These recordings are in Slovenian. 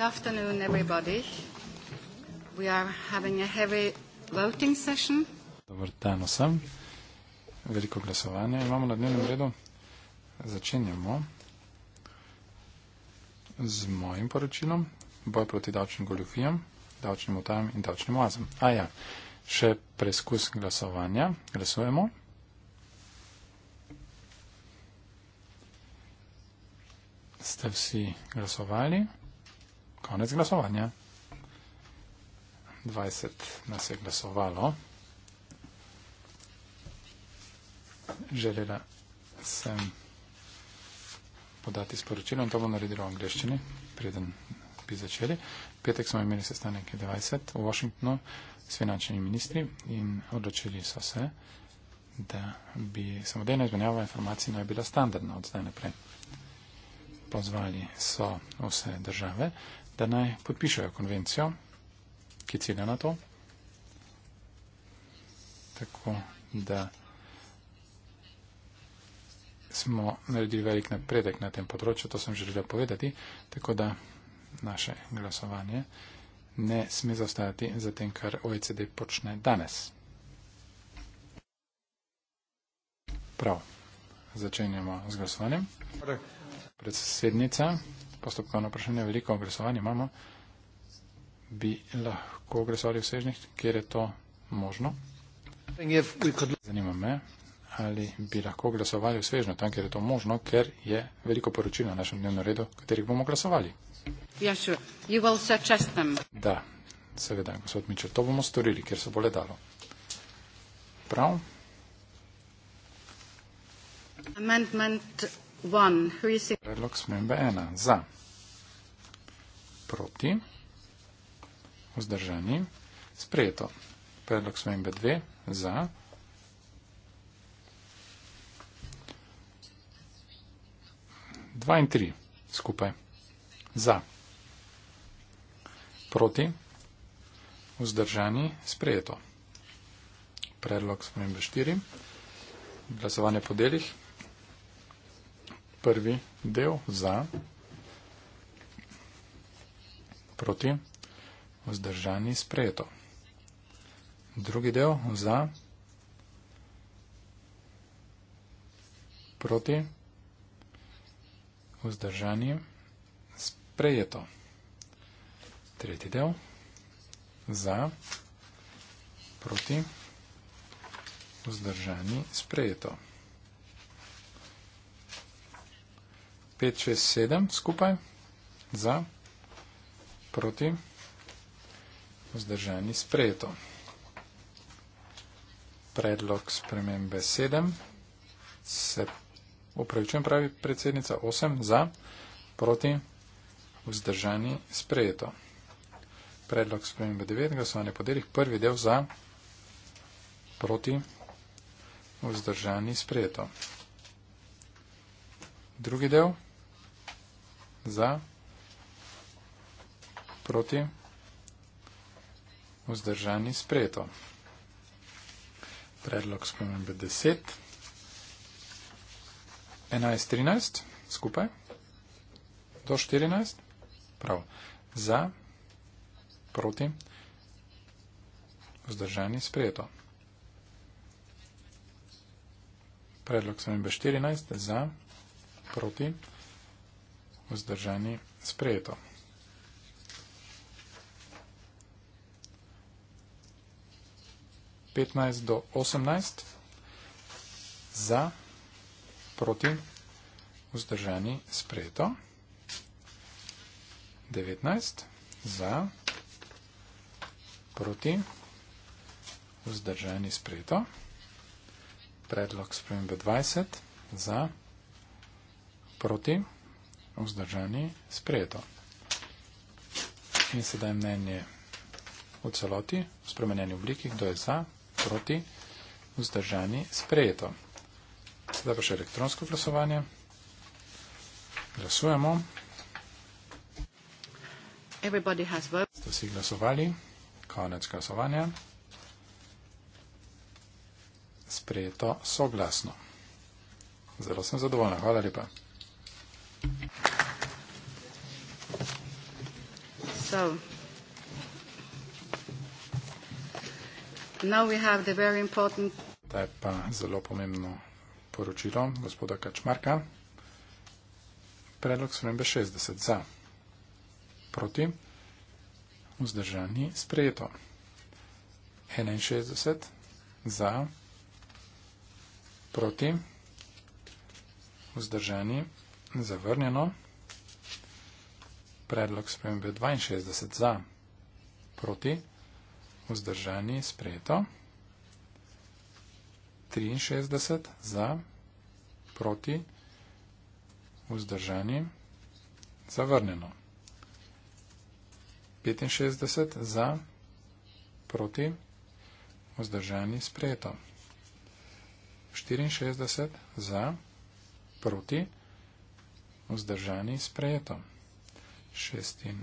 Good afternoon, everybody. We are having a heavy voting session. Dobar dan vsem. Veliko glasovanja imamo na dnevnem redu. Začenjamo z mojim poročilom. Boj proti davčnim goljufijam, davčnim utajam in davčnim oazam. A ja, še preskus glasovanja. Glasujemo. Ste vsi glasovali? Ja. Konec glasovanja. 20 nas je glasovalo. Želela sem podati sporočilo in to bom naredila v angliščini, preden bi začeli. Petek smo imeli sestanek 20 v Washingtonu s finančnimi ministri in odločili so se, da bi samodejna izmenjava informacij naj bila standardna od zdaj naprej. Pozvali so vse države, da naj podpišajo konvencijo, ki cilja na to, tako da smo naredili velik napredek na tem področju, to sem želela povedati, tako da naše glasovanje ne sme zaostajati za tem, kar OECD počne danes. Prav, začenjamo z glasovanjem. Torej. Predsednica postopkovno vprašanje, veliko oglasovanja imamo, bi lahko oglasovali vsežnih, kjer je to možno. Zanima me, ali bi lahko glasovali v svežnju, tam, kjer je to možno, ker je veliko poročil na našem dnevnem redu, katerih bomo glasovali. Ja, da, seveda, gospod Mičer, to bomo storili, ker se bo le dalo. Prav? Amendment Predlog smembe ena. Za. Proti. Vzdržani. Sprejeto. Predlog smembe dve. Za. Dva in tri. Skupaj. Za. Proti. Vzdržani. Sprejeto. Predlog smembe štiri. Glasovanje po delih prvi del za, proti, vzdržani, sprejeto. Drugi del za, proti, vzdržani, sprejeto. Tretji del za, proti, vzdržani, sprejeto. 5, 6, 7 skupaj, za, proti, vzdržani sprejeto. Predlog spremembe 7, se upravičujem pravi predsednica 8, za, proti, vzdržani sprejeto. Predlog spremembe 9, glasovanje po delih, prvi del za, proti, vzdržani sprejeto. Drugi del. Za. Proti. Vzdržani sprejeto. Predlog spomenbe 10. 11, 13. Skupaj. Do 14. Prav. Za. Proti. Vzdržani sprejeto. Predlog spomenbe 14. Za. Proti. Proti vzdržani sprejeto. Petnajst do osemnajst za proti vzdržani sprejeto. Devetnajst za proti vzdržani sprejeto. Predlog spremembe dvajset za proti vzdržani sprejeto vzdržani, sprejeto. In sedaj mnenje v celoti, v spremenjeni obliki, kdo je za, proti, vzdržani, sprejeto. Sedaj pa še elektronsko glasovanje. Glasujemo. Ste vsi glasovali? Konec glasovanja. Sprejeto soglasno. Zelo sem zadovoljna. Hvala lepa. So now we have the very important. To je pa zelo pomembno poročilo gospoda Kačmarka. Predlog spremembe 60 za. Proti. Vzdržani sprejeto. 61 za. Proti. Vzdržani zavrnjeno predlog spremembe 62 za, proti, vzdržani, sprejeto, 63 za, proti, vzdržani, zavrnjeno, 65 za, proti, vzdržani, sprejeto, 64 za, proti, vzdržani, sprejeto. 66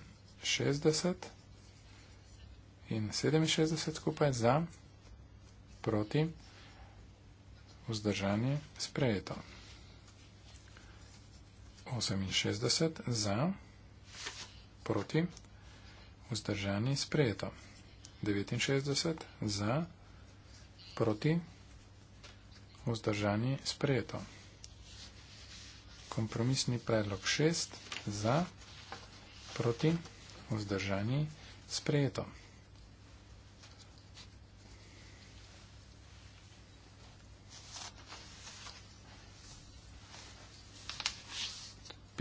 in 67 skupaj za, proti, vzdržanje sprejeto. 68 za, proti, vzdržanje sprejeto. 69 za, proti, vzdržanje sprejeto. Kompromisni predlog 6 za, proti, vzdržanje sprejeto proti, vzdržani, sprejeto.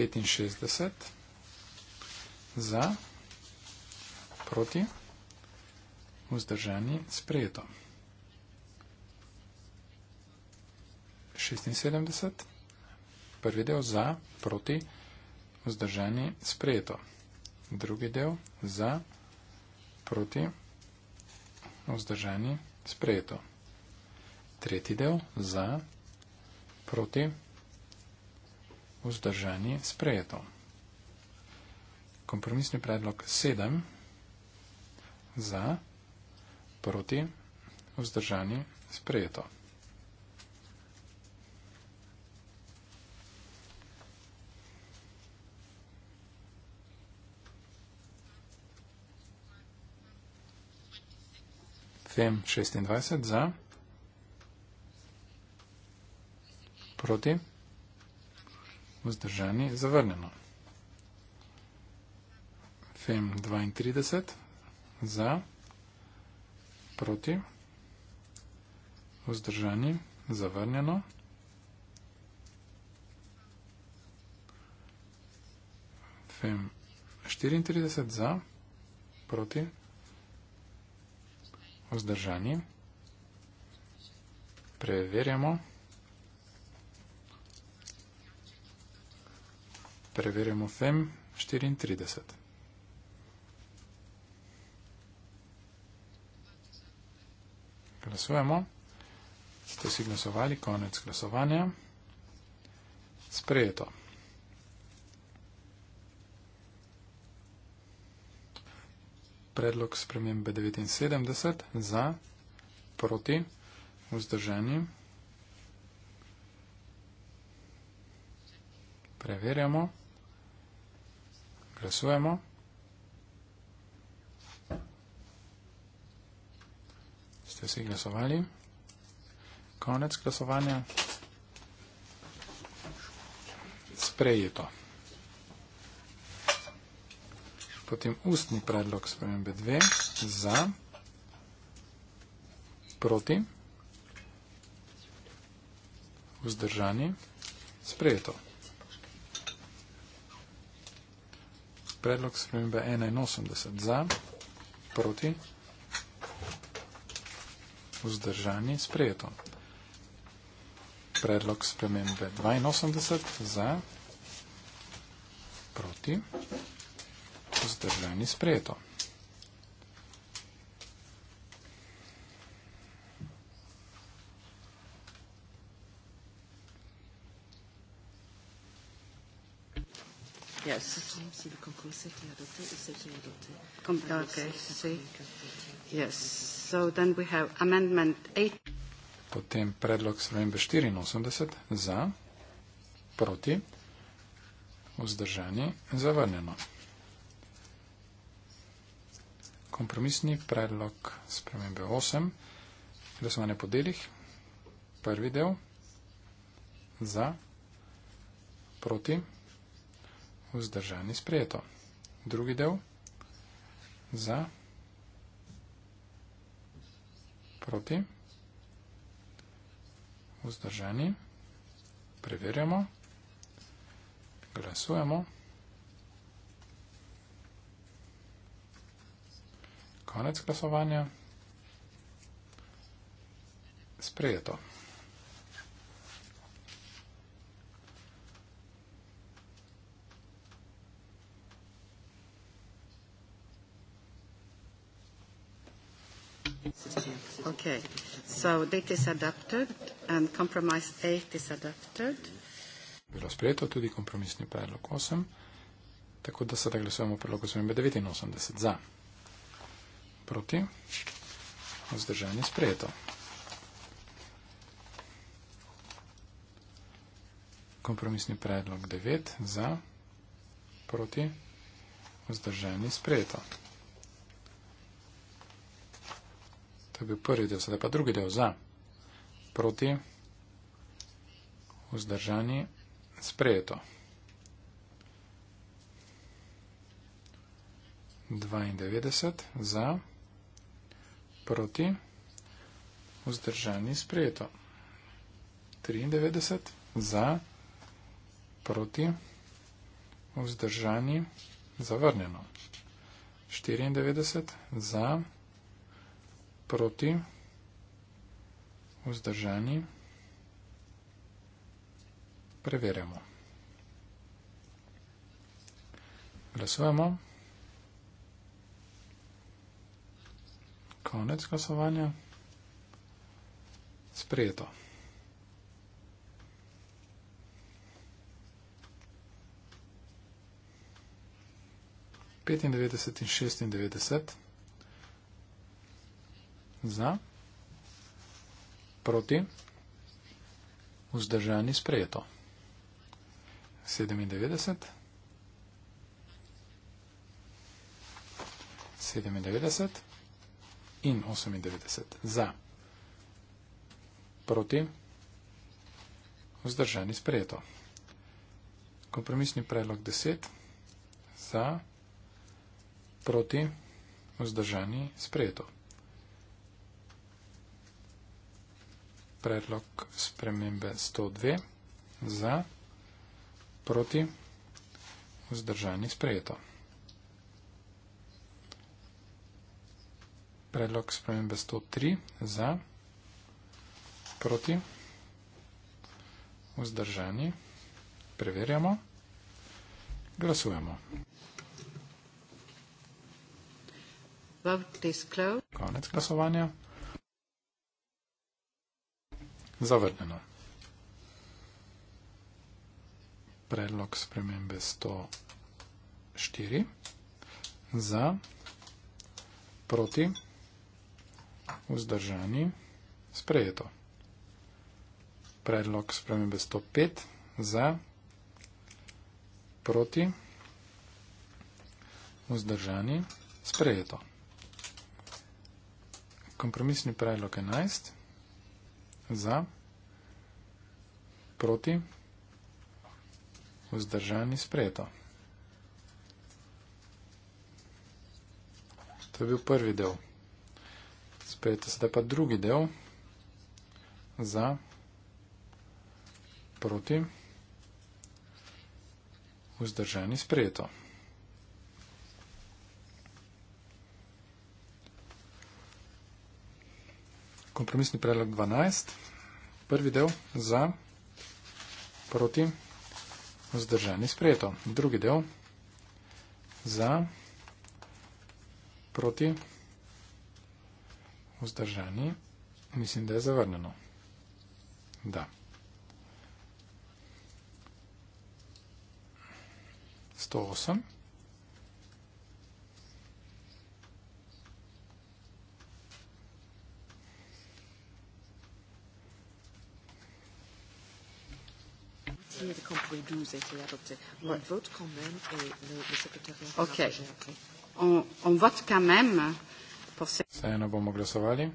Petinšestdeset, za, proti, vzdržani, sprejeto. Šestinsedemdeset, prvi del, za, proti, vzdržani, sprejeto drugi del za, proti, vzdržani, sprejeto. Tretji del za, proti, vzdržani, sprejeto. Kompromisni predlog 7 za, proti, vzdržani, sprejeto. Vem 26 za. Proti. Vzdržani zavrnjeno. Fem 32 za. Proti. Vzdržani zavrnjeno. Fem 34 za. Proti vzdržani. Preverjamo. Preverjamo FEM 34. Glasujemo. Ste si glasovali, konec glasovanja. Sprejeto. predlog spremembe 79 za, proti, vzdržani. Preverjamo. Glasujemo. Ste vsi glasovali? Konec glasovanja. Sprejeto. Potem ustni predlog spremembe 2 za, proti, vzdržani, sprejeto. Predlog spremembe 81 za, proti, vzdržani, sprejeto. Predlog spremembe 82 za, proti, vzdržani, sprejeto vzdržani sprejeto. Yes. Okay. Yes. So then we have amendment Potem predlog spremembe 84 za, proti, vzdržanje, zavrnjeno kompromisni predlog spremembe 8, glasovanje po delih, prvi del za, proti, vzdržani sprejeto, drugi del za, proti, vzdržani, preverjamo, glasujemo. konec glasovanja. Sprejeto. Okay, so date is adopted and compromise 8 is adopted. Bilo sprejeto tudi kompromisni predlog 8, tako da sedaj glasujemo predlog 89 za proti. Vzdržanje sprejeto. Kompromisni predlog 9 za, proti, vzdržanje sprejeto. To je bil prvi del, sedaj pa drugi del za, proti, vzdržanje sprejeto. 92 za, proti, vzdržanje sprejeto proti, vzdržani, sprejeto. 93 za, proti, vzdržani, zavrnjeno. 94 za, proti, vzdržani, preverjamo. Glasujemo. konec glasovanja. Sprejeto. Petindevetdeset in šestindevetdeset za, proti, vzdržani sprejeto. Sedemindevetdeset, sedemindevetdeset, in 98 za. Proti. Vzdržani sprejeto. Kompromisni predlog 10 za. Proti. Vzdržani sprejeto. Predlog spremembe 102 za. Proti. Vzdržani sprejeto. predlog spremembe 103 za, proti, vzdržani. Preverjamo. Glasujemo. Konec glasovanja. Zavrnjeno. Predlog spremembe 104 za, proti, vzdržani vzdržani, sprejeto. Predlog spremembe 105 za, proti, vzdržani, sprejeto. Kompromisni predlog 11 za, proti, vzdržani, sprejeto. To je bil prvi del spet. Sedaj pa drugi del za proti vzdržani sprejeto. Kompromisni predlog 12. Prvi del za proti vzdržani sprejeto. Drugi del za proti vzdržani sprejeto vzdržanje, mislim, da je zavrnjeno. Da. Sto osem. On vote quand même, et le, le secrétaire... Ok. On, on vote quand même, Vseeno bomo glasovali.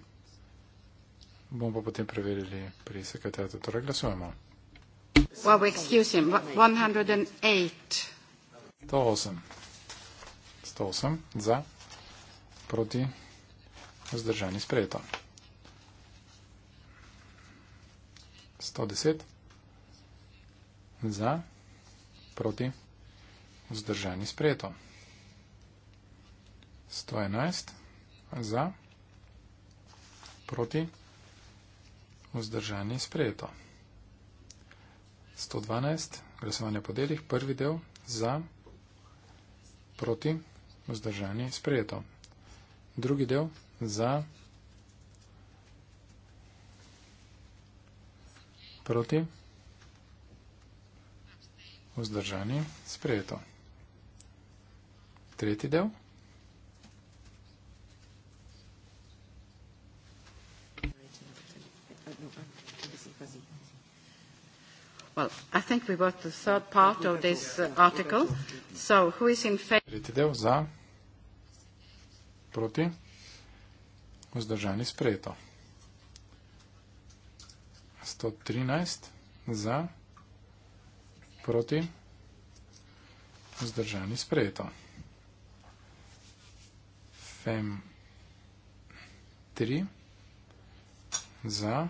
Bomo pa potem preverili pri sekretarju. Torej glasujemo. Well, we excuse him. 108. 108 za, proti, vzdržani sprejeto. 110 za, proti, vzdržani sprejeto. 111 za za, proti, vzdržanje sprejeto. 112, glasovanje po delih, prvi del, za, proti, vzdržanje sprejeto. Drugi del, za, proti, vzdržanje sprejeto. Tretji del. Well, I think we got the third part of this uh, article. So, who is in favor? za, proti, vzdržani sprejeto. 113 za, proti, vzdržani sprejeto. Fem 3 za,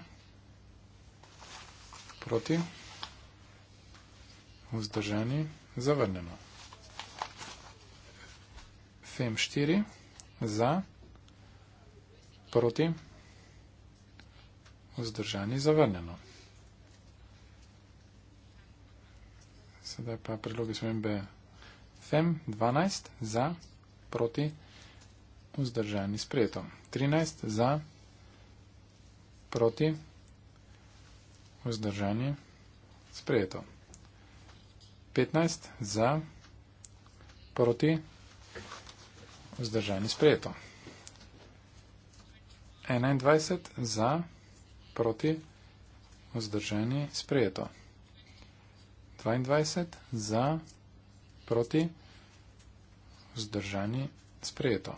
proti, vzdržani sprejeto vzdržani, zavrnjeno. FEM 4, za, proti, vzdržani, zavrnjeno. Sedaj pa predlogi smembe FEM 12, za, proti, vzdržani, sprejeto. 13, za, proti, vzdržani, sprejeto. 15 za, proti, vzdržani sprejeto. 21 za, proti, vzdržani sprejeto. 22 za, proti, vzdržani sprejeto.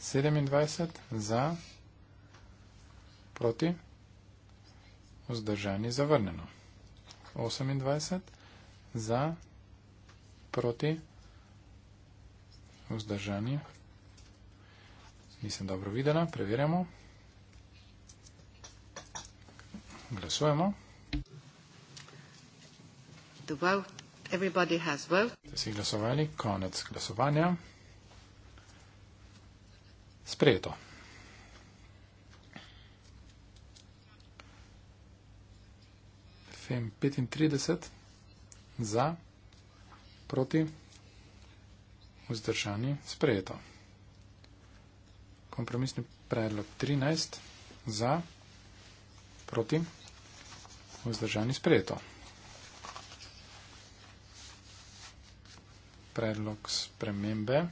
27 za, proti, vzdržani zavrneno. 28 za, proti, vzdržani zavrneno. 28, za, proti, vzdržanje. Nisem dobro videla, preverjamo. Glasujemo. Ste si glasovali, konec glasovanja. Sprejeto. vem, 35 za, proti, vzdržani, sprejeto. Kompromisni predlog 13 za, proti, vzdržani, sprejeto. Predlog spremembe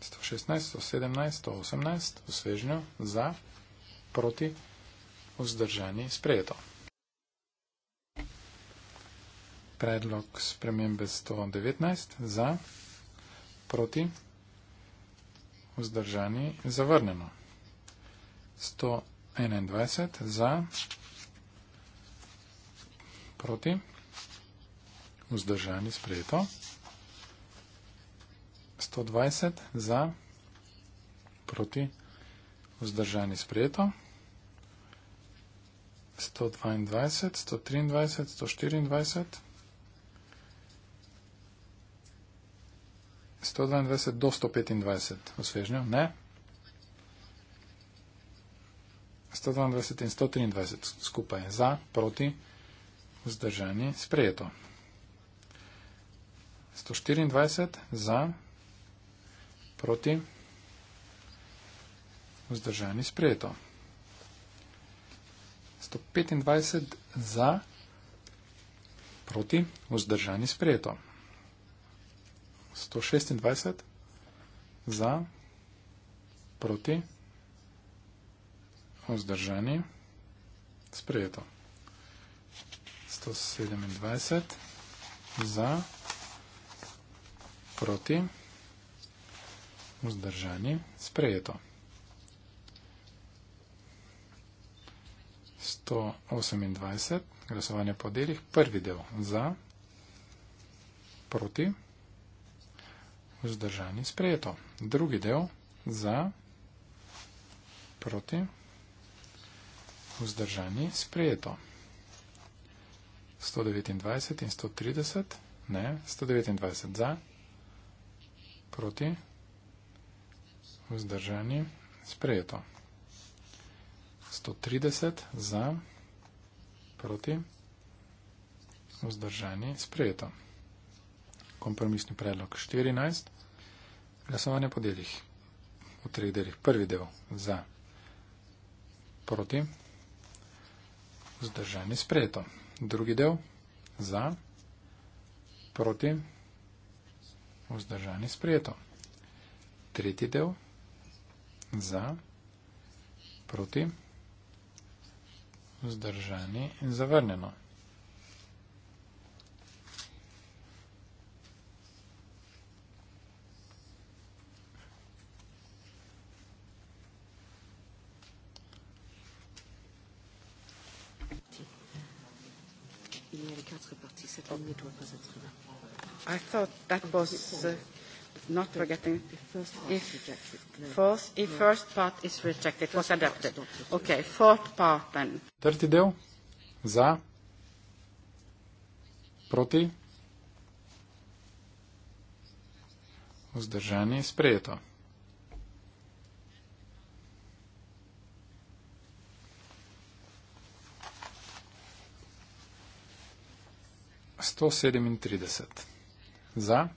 116, 117, 118, osvežnjo za, proti, vzdržani vzdržani sprejeto. Predlog spremembe 119 za, proti, vzdržani zavrnjeno. 121 za, proti, vzdržani sprejeto. 120 za, proti, vzdržani sprejeto. 122, 123, 124, 122 do 125 v svežnju, ne. 122 in 123 skupaj za, proti, vzdržani, sprejeto. 124 za, proti, vzdržani, sprejeto. 125 za, proti, vzdržani sprejeto. 126 za, proti, vzdržani sprejeto. 127 za, proti, vzdržani sprejeto. 128, glasovanje po delih, prvi del za, proti, vzdržani, sprejeto. Drugi del za, proti, vzdržani, sprejeto. 129 in 130, ne, 129 za, proti, vzdržani, sprejeto. 130 za, proti, vzdržani, sprejeto. Kompromisni predlog 14. Glasovanje po delih. V treh delih. Prvi del za, proti, vzdržani, sprejeto. Drugi del za, proti, vzdržani, sprejeto. Tretji del za, proti, vzdržani, sprejeto. Vzdržani in zavrnjeno. I thought that was uh, not forgetting. Fourth, if no. no. first part is rejected, was adopted. Okay, fourth part then. Tretji del. Za. Proti. Vzdržanje sprejeto. Sto sedemintrideset. Za.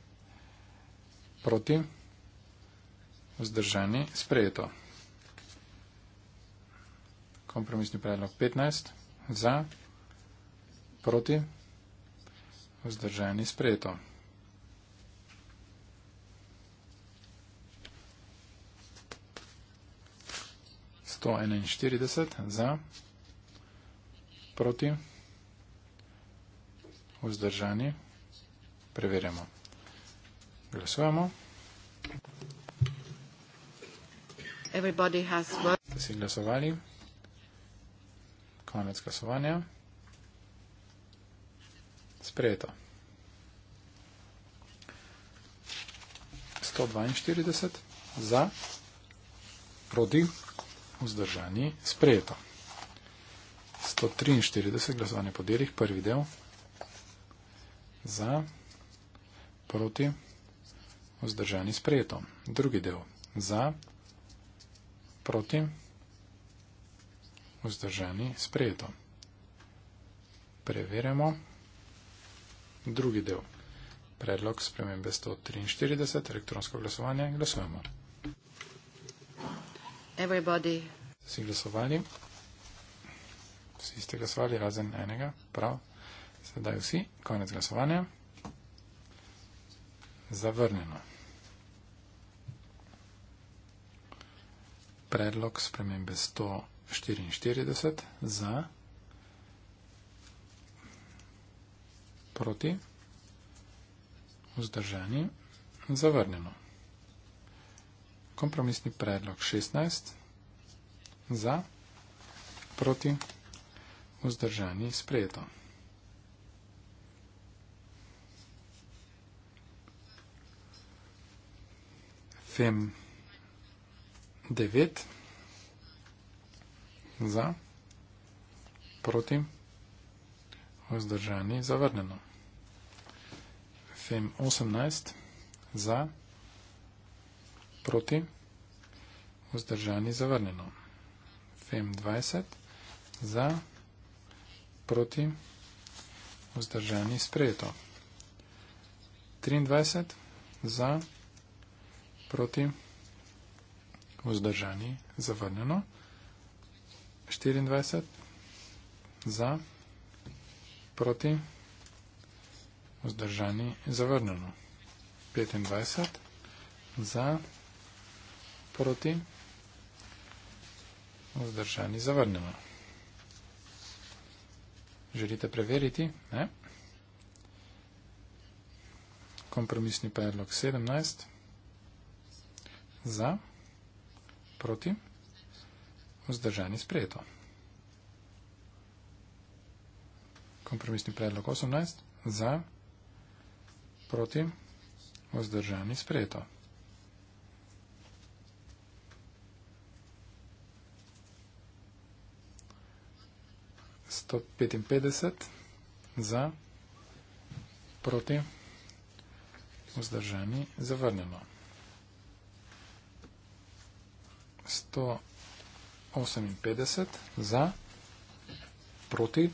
Proti? Vzdržani? Sprejeto. Kompromisni predlog 15. Za? Proti? Vzdržani? Sprejeto. Sto enainštirideset za, proti, vzdržani, preverjamo. Glasujemo. Ste si glasovali? Konec glasovanja. Sprejeto. 142 za, proti, vzdržani, sprejeto. 143 glasovanje po delih, prvi del, za, proti, vzdržani vzdržani sprejeto. Drugi del za, proti, vzdržani sprejeto. Preverjamo drugi del. Predlog spremembe 143, elektronsko glasovanje, glasujemo. Everybody. Vsi glasovali? Vsi ste glasovali, razen enega, prav. Sedaj vsi, konec glasovanja zavrnjeno. Predlog spremembe 144 za proti vzdržanje zavrnjeno. Kompromisni predlog 16 za proti vzdržanje sprejeto. potem 9 za, proti, vzdržani, zavrneno. Fem 18 za, proti, vzdržani, zavrneno. Fem 20 za, proti, vzdržani, sprejeto. 23 za, proti, proti, vzdržani, zavrnjeno, 24, za, proti, vzdržani, zavrnjeno, 25, za, proti, vzdržani, zavrnjeno. Želite preveriti? Ne. Kompromisni predlog 17. 17. Za, proti, vzdržani sprejeto. Kompromisni predlog 18. Za, proti, vzdržani sprejeto. Sto petinpetdeset za, proti, vzdržani, zavrnjeno. 158 za, proti,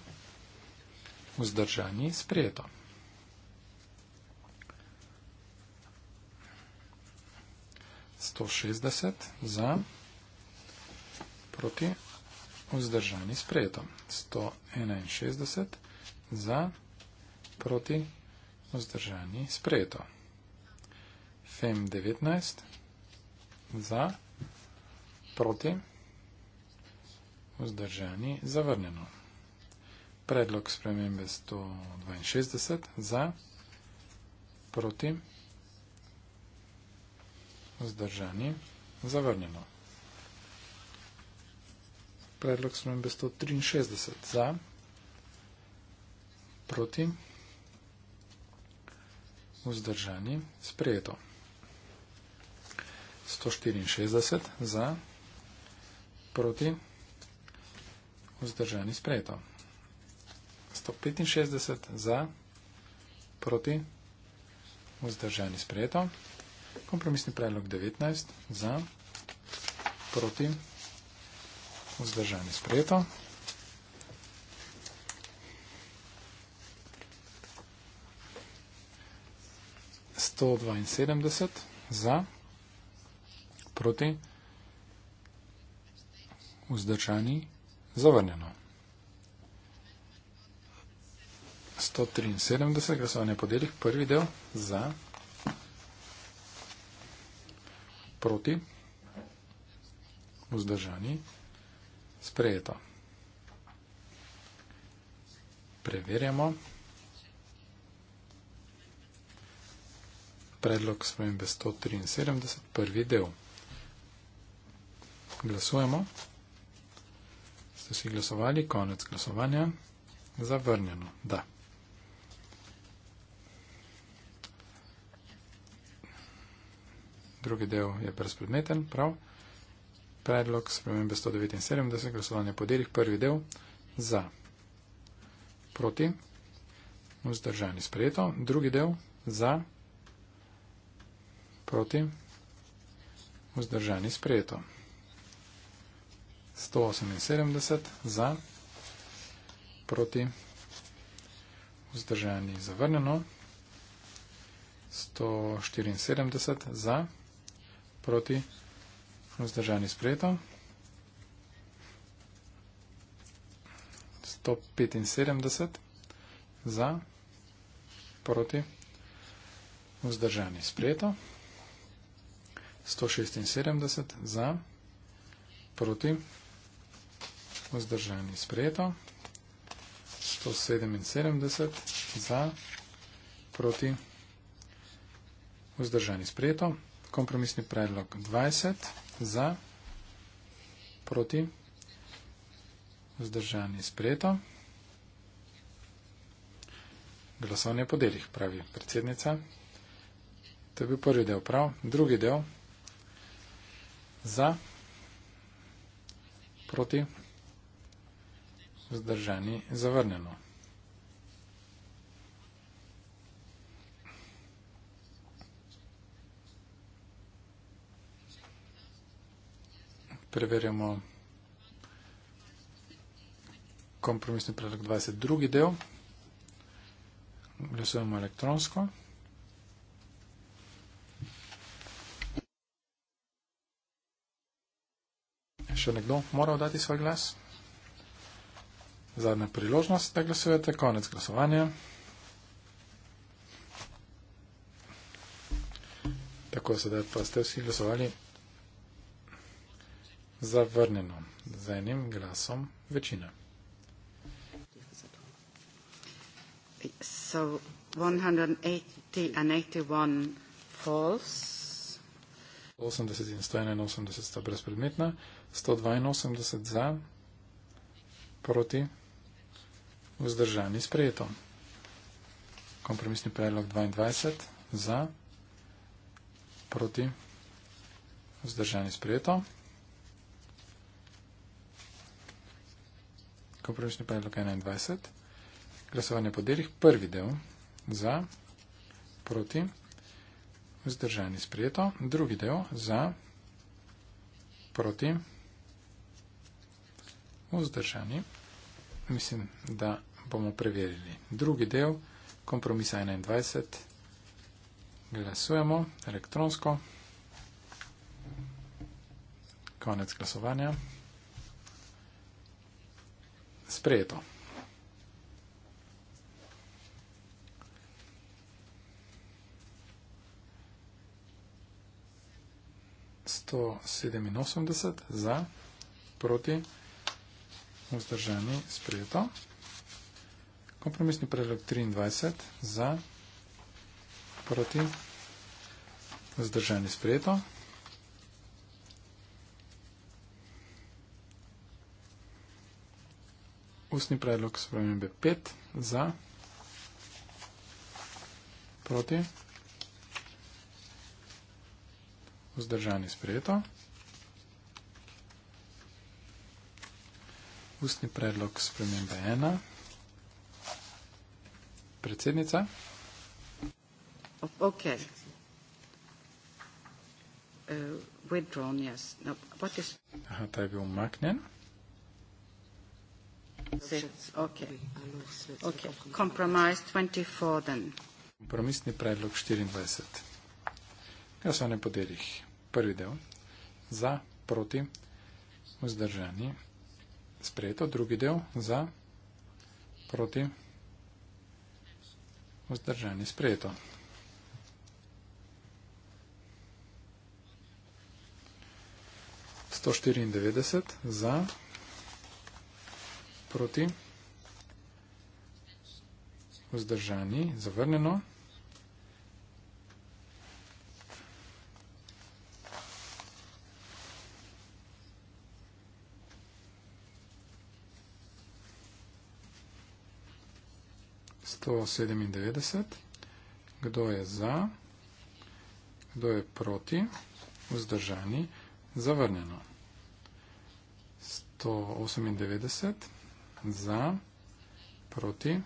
vzdržani, sprejeto. Sto šestdeset za, proti, vzdržani, sprejeto. Sto enainšestdeset za, proti, vzdržani, sprejeto. Fem devetnaest za, proti, vzdržani, sprejeto. Proti? Vzdržani? Zavrnjeno. Predlog spremembe 162. Za? Proti? Vzdržani? Zavrnjeno. Predlog spremembe 163. Za? Proti? Vzdržani? Sprejeto. 164 za proti, vzdržani sprejeto. 165 za, proti, vzdržani sprejeto. Kompromisni predlog 19 za, proti, vzdržani sprejeto. Sto dvainsedemdeset za, proti, vzdržani sprejeto vzdržani, zavrnjeno. 173 glasovanje po delih, prvi del za, proti, vzdržani, sprejeto. Preverjamo. Predlog spremembe 173, prvi del. Glasujemo. Ste si glasovali? Konec glasovanja. Zavrnjeno. Da. Drugi del je brezpredmeten, prav. Predlog spremembe 179, glasovanje po delih, prvi del za, proti, vzdržani sprejeto, drugi del za, proti, vzdržani sprejeto. 178 za, proti, vzdržani zavrneno, 174 za, proti, vzdržani sprejeto, 175 za, proti, vzdržani sprejeto, 176 za, proti, vzdržani sprejeto, 176 za, proti, vzdržani sprejeto, 177 za, proti, vzdržani sprejeto, kompromisni predlog 20 za, proti, vzdržani sprejeto. Glasovanje po delih, pravi predsednica. To je bil prvi del prav. Drugi del za, proti, vzdržani sprejeto vzdržani zavrnjeno. Preverjamo kompromisni predlog 22. del. Glasujemo elektronsko. Še nekdo mora dati svoj glas? Zadnja priložnost, da glasujete, konec glasovanja. Tako sedaj pa ste vsi glasovali zavrnjeno, z enim glasom večine. So 80 in 181 sta brezpredmetna, 182 za, proti vzdržani sprejeto. Kompromisni predlog 22 za, proti, vzdržani sprejeto. Kompromisni predlog 21. Glasovanje po delih. Prvi del za, proti, vzdržani sprejeto. Drugi del za, proti, vzdržani sprejeto mislim, da bomo preverili. Drugi del, kompromisa 21, glasujemo elektronsko. Konec glasovanja. Sprejeto. Sto sedeminosemdeset za proti vzdrženi, sprejeto. Kompromisni predlog 23 za, proti, vzdrženi, sprejeto. Ustni predlog spremembe 5 za, proti, vzdrženi, sprejeto. Ustni predlog spremembe ena. Predsednica. Ok. Uh, withdrawn, yes. No, what is... Aha, ta je bil umaknjen. Kompromisni okay. okay. predlog 24. Glasovanje po delih. Prvi del. Za, proti, vzdržani sprejeto, drugi del za, proti, vzdržani, sprejeto. Sto štiriindevetdeset za, proti, vzdržani, zavrnjeno. 197. Kdo je za? Kdo je proti? Vzdržani? Zavrnjeno. 198. Za? Proti?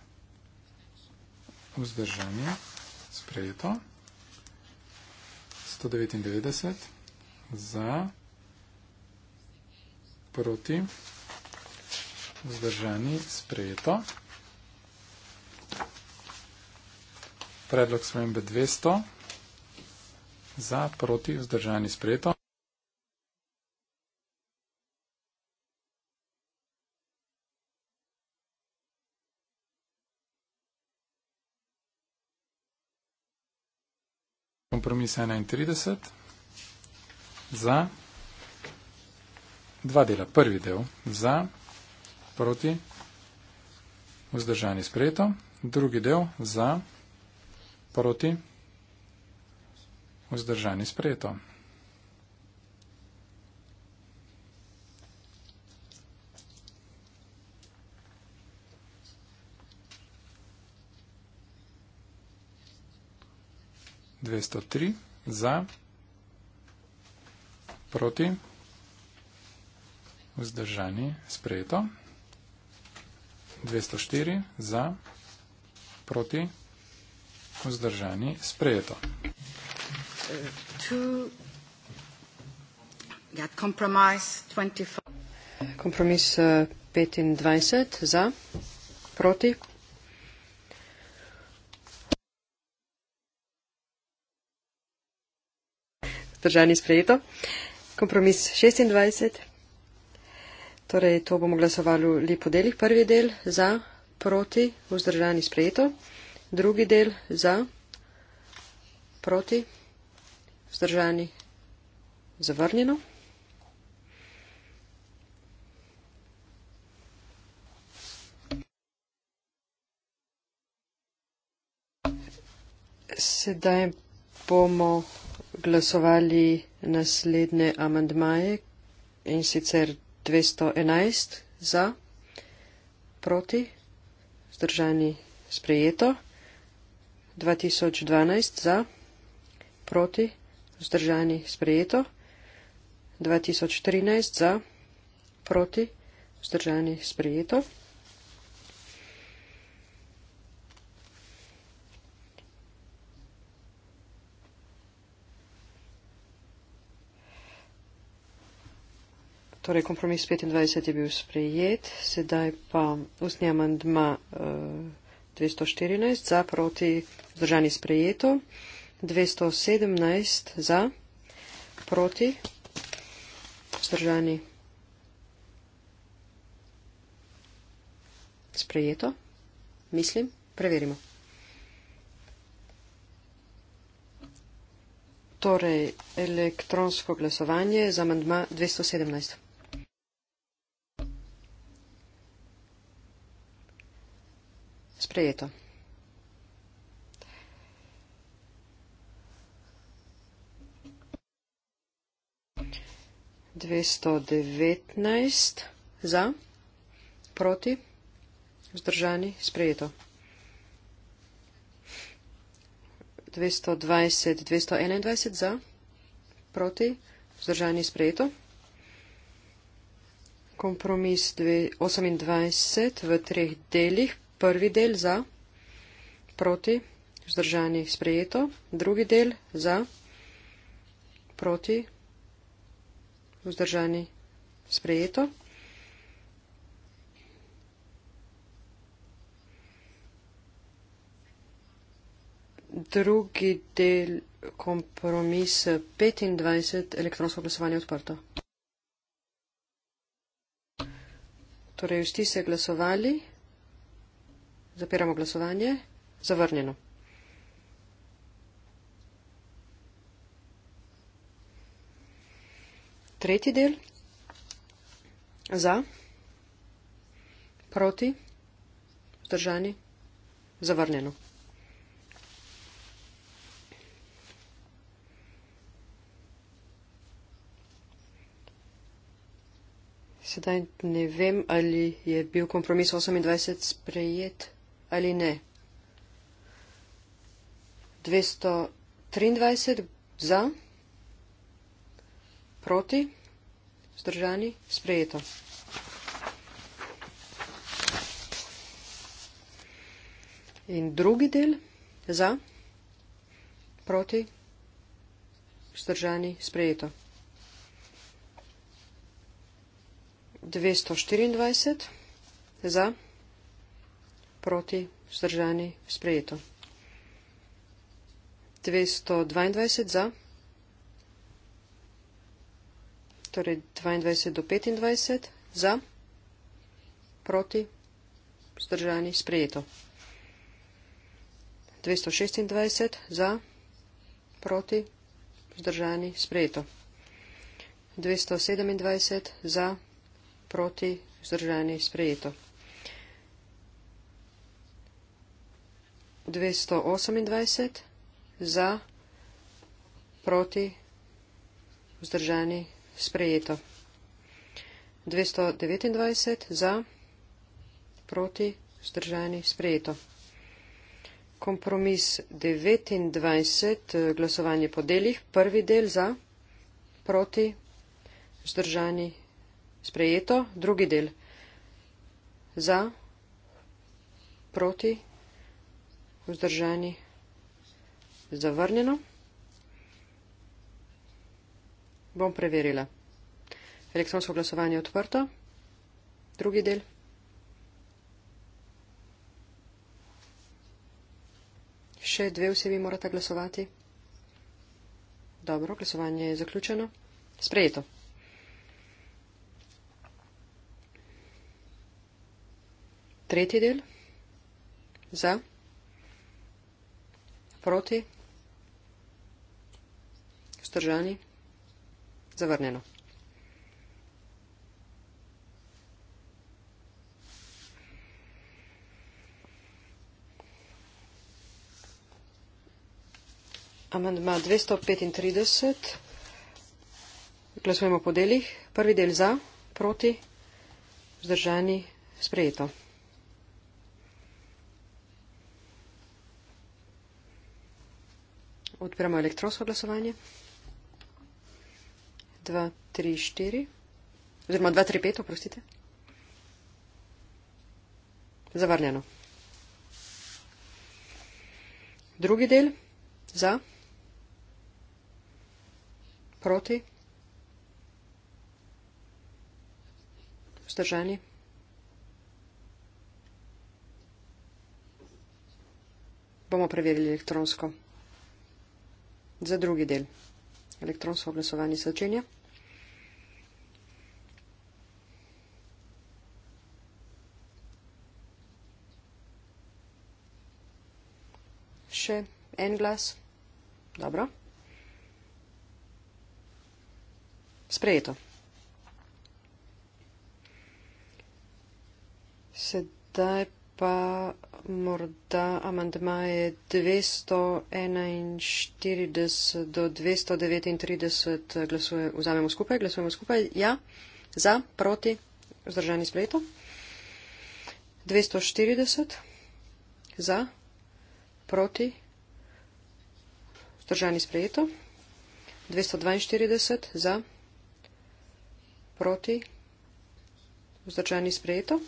Vzdržani? Sprejeto. 199. Za? Proti? Vzdržani? Sprejeto. Predlog smembe 200. Za, proti, vzdržani spreto. Kompromis 31. Za, dva dela. Prvi del. Za, proti, vzdržani spreto. Drugi del. Za, proti, vzdržani spreto. Proti? Vzdržani sprejeto. Dvesto tri za, proti, vzdržani sprejeto, dvesto štiri za, proti, vzdržani sprejeto vzdržani sprejeto. Ja, Kompromis 25 eh, za, proti. Vzdržani sprejeto. Kompromis 26. Torej, to bomo glasovali v lepo delih. Prvi del za, proti, vzdržani sprejeto drugi del za, proti, vzdržani, zavrnjeno. Sedaj bomo glasovali naslednje amandmaje in sicer 211 za, proti, zdržani sprejeto. 2012 za, proti, vzdržani, sprejeto. 2013 za, proti, vzdržani, sprejeto. Torej, kompromis 25 je bil sprejet, sedaj pa usni amandma. Uh, 214 za proti vzdržani sprejeto, 217 za proti vzdržani sprejeto, mislim, preverimo. Torej, elektronsko glasovanje za mandma 217. sprejeto. Dvesto devetnajst za, proti, vzdržani, sprejeto. Dvesto dvajset, dvesto enaindvajset za, proti, vzdržani, sprejeto. Kompromis dve, osemindvajset v treh delih, prvi del za, proti, vzdržani sprejeto, drugi del za, proti, vzdržani sprejeto. Drugi del kompromis 25, elektronsko glasovanje odprto. Torej, vsi ste glasovali. Zapiramo glasovanje. Zavrnjeno. Tretji del. Za. Proti. Zdržani. Zavrnjeno. Sedaj ne vem, ali je bil kompromis 28 sprejet ali ne. 223 za, proti, zdržani, sprejeto. In drugi del za, proti, zdržani, sprejeto. 224 za, proti, zdržani, sprejeto proti vzdržani sprejeto. 222 za, torej 22 do 25 za, proti vzdržani sprejeto. 226 za, proti vzdržani sprejeto. 227 za, proti vzdržani sprejeto. 228. 228, za, proti, vzdržani, sprejeto. 229, za, proti, vzdržani, sprejeto. Kompromis 29, glasovanje po delih, prvi del za, proti, vzdržani, sprejeto, drugi del za, proti, vzdržani, sprejeto vzdržani, zavrnjeno. Bom preverila. Elektronsko glasovanje je odprto. Drugi del. Še dve osebi morata glasovati. Dobro, glasovanje je zaključeno. Sprejeto. Tretji del. Za. Proti? Vstržani? Zavrnjeno. Amandma 235. Glasujemo po delih. Prvi del za, proti, vzdržani, sprejeto. Odpremo elektronsko glasovanje. 2, 3, 4. Oziroma 2, 3, 5, oprostite. Zavrnjeno. Drugi del. Za. Proti. Vzdržani. Bomo preverili elektronsko za drugi del. Elektronsko glasovanje se začenja. Še en glas. Dobro. Sprejeto. Sedaj pa morda amandmaje 241 do 239 glasuje, vzamemo skupaj, glasujemo skupaj, ja, za, proti, vzdržani spleto. 240 za, proti, vzdržani spleto. 242 za, proti, vzdržani spleto.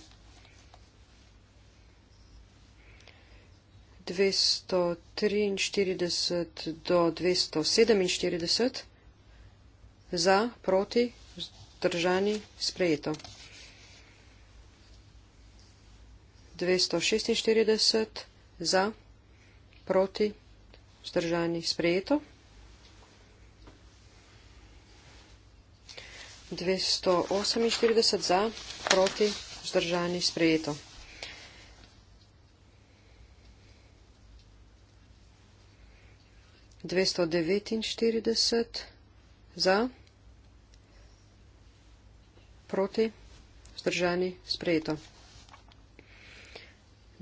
243 do 247 za, proti, vzdržani, sprejeto. 246 za, proti, vzdržani, sprejeto. 248 za, proti, vzdržani, sprejeto. 249 za, proti, vzdržani, sprejeto.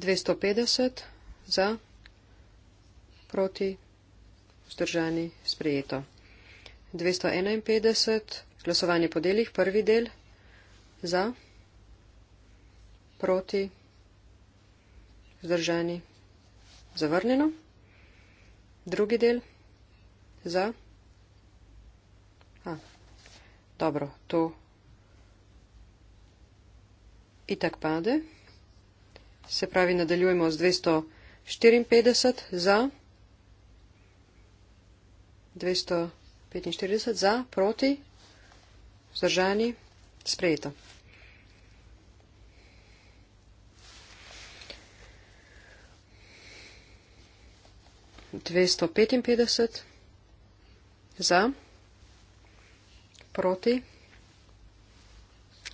250 za, proti, vzdržani, sprejeto. 251, glasovanje po delih, prvi del, za, proti, vzdržani, zavrnjeno drugi del za. A, dobro, to itak pade. Se pravi, nadaljujemo z 254 za. 245 za, proti, vzdržani, sprejeto. 255 za, proti,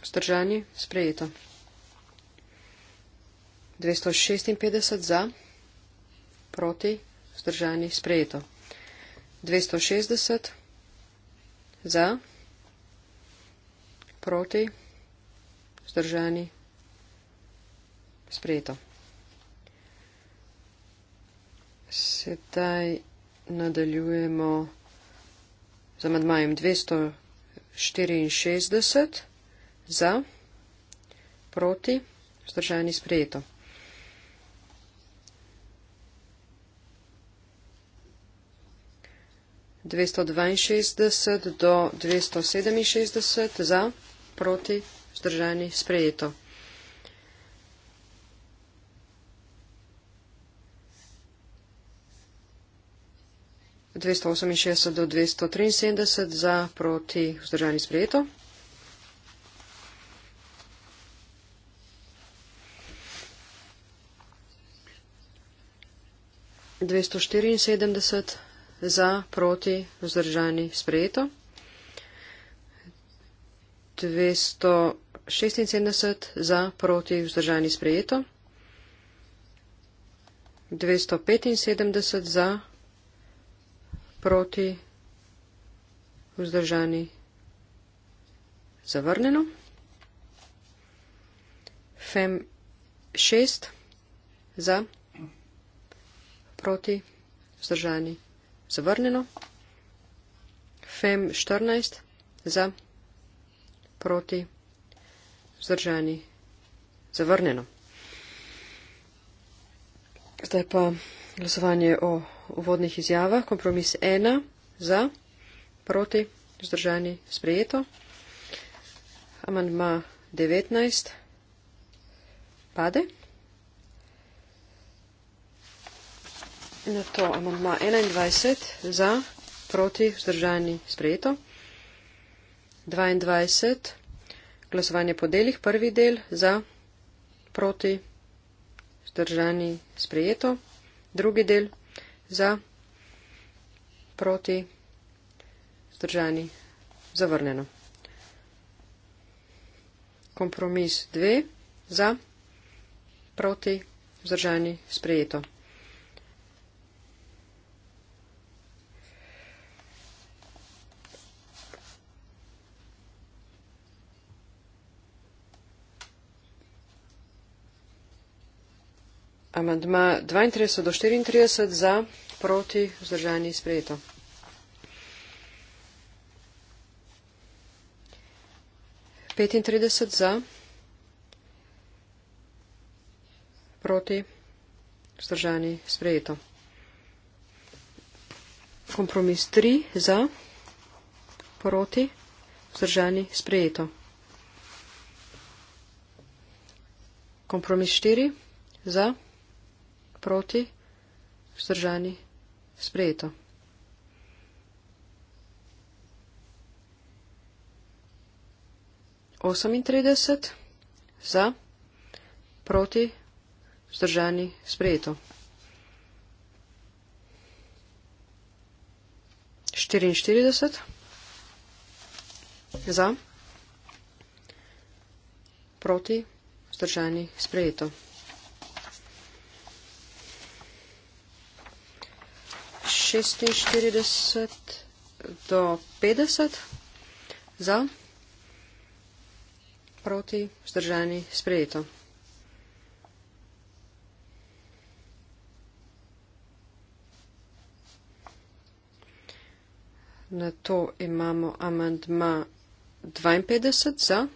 vzdržani, sprejeto. 256 za, proti, vzdržani, sprejeto. 260 za, proti, vzdržani, sprejeto. Sedaj nadaljujemo z amadmajem 264 za, proti, vzdržani sprejeto. Dvesto dvainšestdeset do dvesto sedeminšestdeset za, proti, vzdržani sprejeto. 268 do 273 za proti vzdržani sprejeto. dvesto štiriinsedemdeset za proti vzdržani sprejeto dvesto šestinsedemdeset za proti vzdržani sprejeto dvesto petinsedemdeset za proti, vzdržani, zavrneno. Fem šest, za, proti, vzdržani, zavrneno. Fem štirnaest, za, proti, vzdržani, zavrneno. Zdaj pa glasovanje o uvodnih izjavah. Kompromis ena za, proti, vzdržani, sprejeto. Amandma 19 pade. Na to amandma 21 za, proti, vzdržani, sprejeto. 22 glasovanje po delih, prvi del za, proti, vzdržani, sprejeto. Drugi del za, proti, zdržani, zavrnjeno. Kompromis 2 za, proti, zdržani, sprejeto. Amandma 32 do 34 za, proti, vzdržani, sprejeto. Petintrideset za, proti, vzdržani, sprejeto. Kompromis tri za, proti, vzdržani, sprejeto. Kompromis štiri za, proti, vzdržani, sprejeto proti, vzdržani, sprejeto. Osemintrideset za, proti, vzdržani, sprejeto. Štiriinštirideset za, proti, vzdržani, sprejeto. 46 do 50 za, proti, vzdržani, sprejeto. Na to imamo amandma 52 za,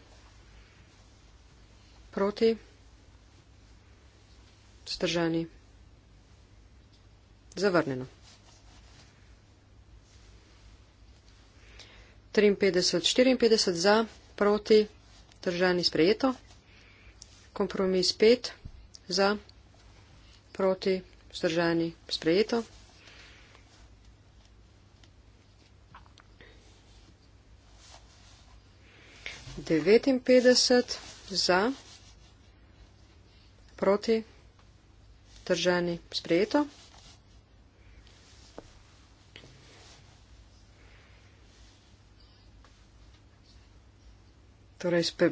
proti, vzdržani, zavrneno. 53-54 za, proti, držani sprejeto. Kompromis 5 za, proti, držani sprejeto. Devetinpetdeset za, proti, držani sprejeto. Torej, spe,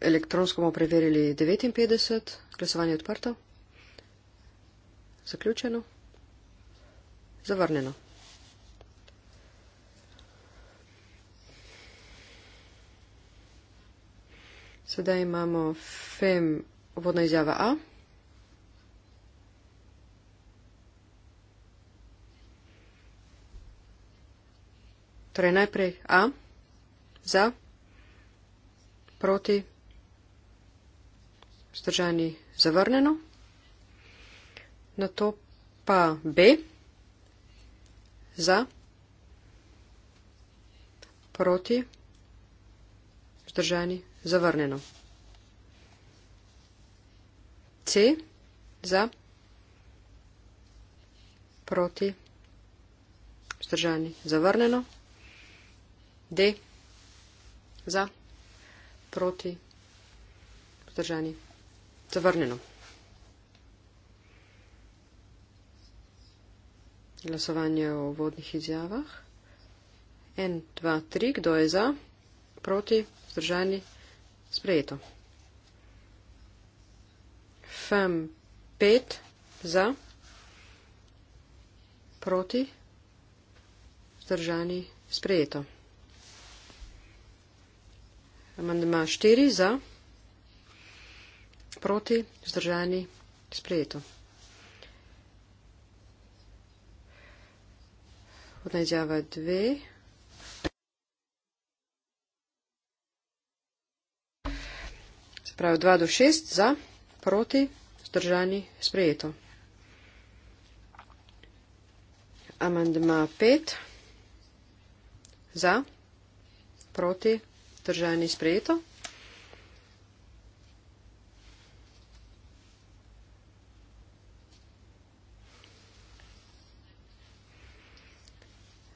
elektronsko bomo preverili 59, glasovanje odprto. Zaključeno. Zavrnjeno. Sedaj imamo FEM uvodna izjava A. Torej najprej A za proti, vzdržani zavrneno, na to pa B za, proti, vzdržani zavrneno. C za, proti, vzdržani zavrneno. D za, proti, vzdržani zavrneno proti, vzdrženi, zavrnjeno. Glasovanje o vodnih izjavah. En, dva, tri, kdo je za, proti, vzdrženi, sprejeto. Fem, pet, za, proti, vzdrženi, sprejeto. Amandma 4 za, proti, vzdržani, sprejeto. Vodna izjava 2. Prav 2 do 6 za, proti, vzdržani, sprejeto. Amandma 5 za, proti, vzdržani, sprejeto. Vzdržani sprejeto.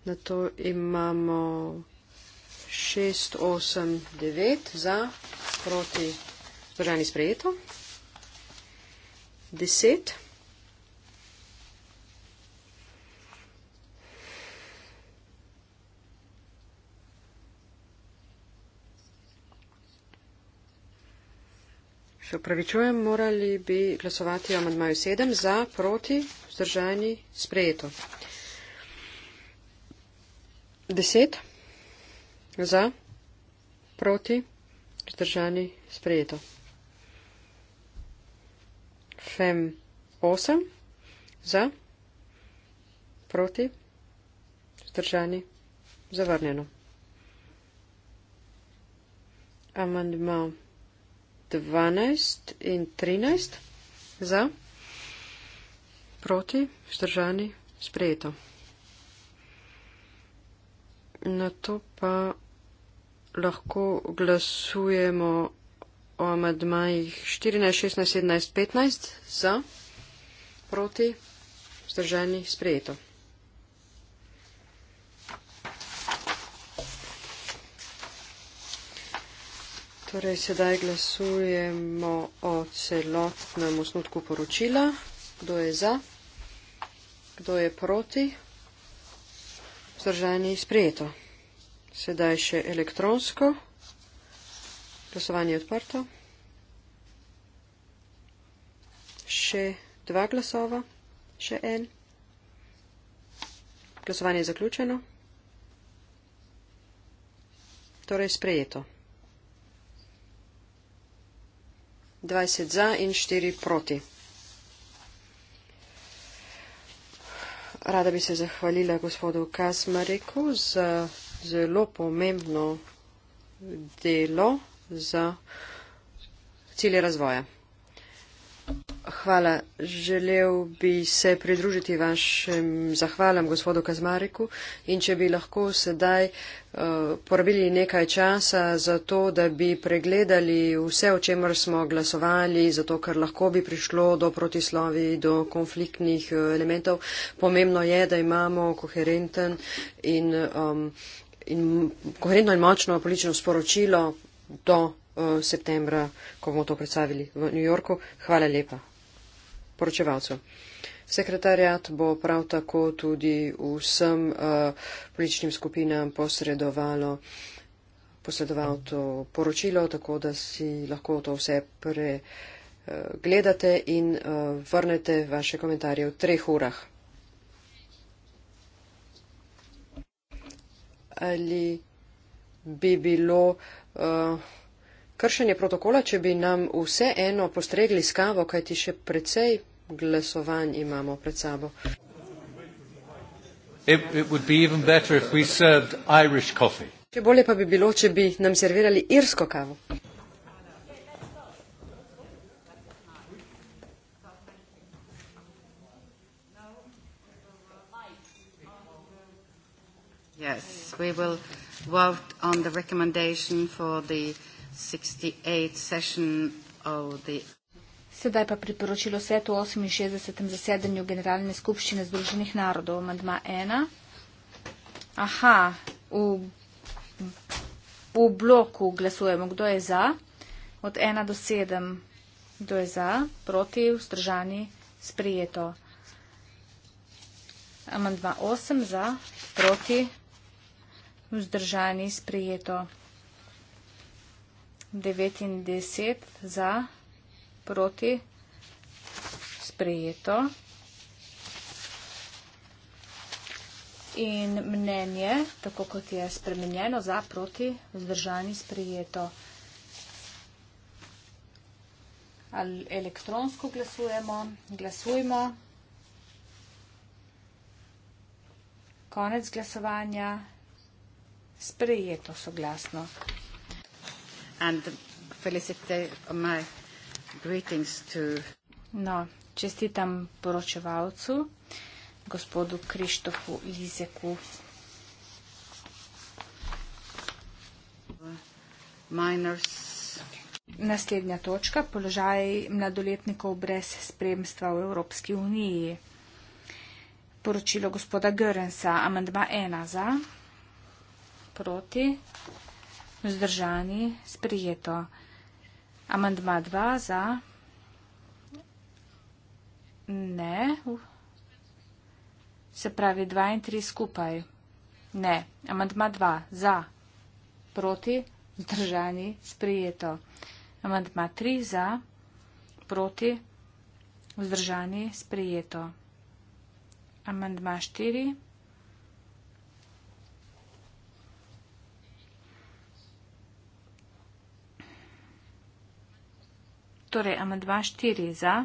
Na to imamo 6, 8, 9 za, proti, vzdržani sprejeto. 10. Se upravičujem, morali bi glasovati o amandmaju 7 za, proti, vzdržani, sprejeto. 10 za, proti, vzdržani, sprejeto. FEM 8 za, proti, vzdržani, zavrnjeno. Amandma 12 in 13 za, proti, vzdržani, sprejeto. Na to pa lahko glasujemo o amadmajih 14, 16, 17, 15 za, proti, vzdržani, sprejeto. Torej, sedaj glasujemo o celotnem osnutku poročila. Kdo je za? Kdo je proti? Vzdržanje je sprejeto. Sedaj še elektronsko. Glasovanje je odprto. Še dva glasova. Še en. Glasovanje je zaključeno. Torej, sprejeto. 20 za in 4 proti. Rada bi se zahvalila gospodu Kasmareku za zelo pomembno delo za cilje razvoja hvala. Želel bi se pridružiti vašem zahvalam gospodu Kazmariku in če bi lahko sedaj uh, porabili nekaj časa za to, da bi pregledali vse, o čemer smo glasovali, zato ker lahko bi prišlo do protislovi, do konfliktnih eh, elementov. Pomembno je, da imamo koherenten in, um, in, koherentno in močno politično sporočilo do eh, septembra, ko bomo to predstavili v New Yorku. Hvala lepa poročevalcev. Sekretarjat bo prav tako tudi vsem uh, političnim skupinam posredovalo posredoval to poročilo, tako da si lahko to vse pregledate in eh, vrnete vaše komentarje v treh urah. Ali bi bilo uh, kršenje protokola, če bi nam vse eno postregli s kavo, kajti še precej glasovanj imamo pred sabo. It, it še bolje pa bi bilo, če bi nam servirali irsko kavo. Yes, we will vote on the recommendation for the 68th session of the Sedaj pa priporočilo svetu 68. zasedanju Generalne skupščine Združenih narodov, amandma 1. Aha, v, v bloku glasujemo, kdo je za. Od 1 do 7, kdo je za, proti, vzdržani, sprijeto. Amandma 8 za, proti, vzdržani, sprijeto. 9 in 10 za proti sprejeto in mnenje, tako kot je spremenjeno, za proti vzdržani sprejeto. Ali elektronsko glasujemo, glasujmo. Konec glasovanja. Sprejeto soglasno. And felicitate my No, čestitam poročevalcu, gospodu Krištofu Izeku. Minors. Naslednja točka, položaj mladoletnikov brez spremstva v Evropski uniji. Poročilo gospoda Görensa, amandma 1 za, proti, vzdržani, sprijeto. Amandma dva za. Ne. Se pravi dva in tri skupaj. Ne. Amandma dva za. Proti. Zdržani. Sprijeto. Amandma tri za. Proti. Vzdržani sprijeto. Amandma 4. torej amadva 4 za,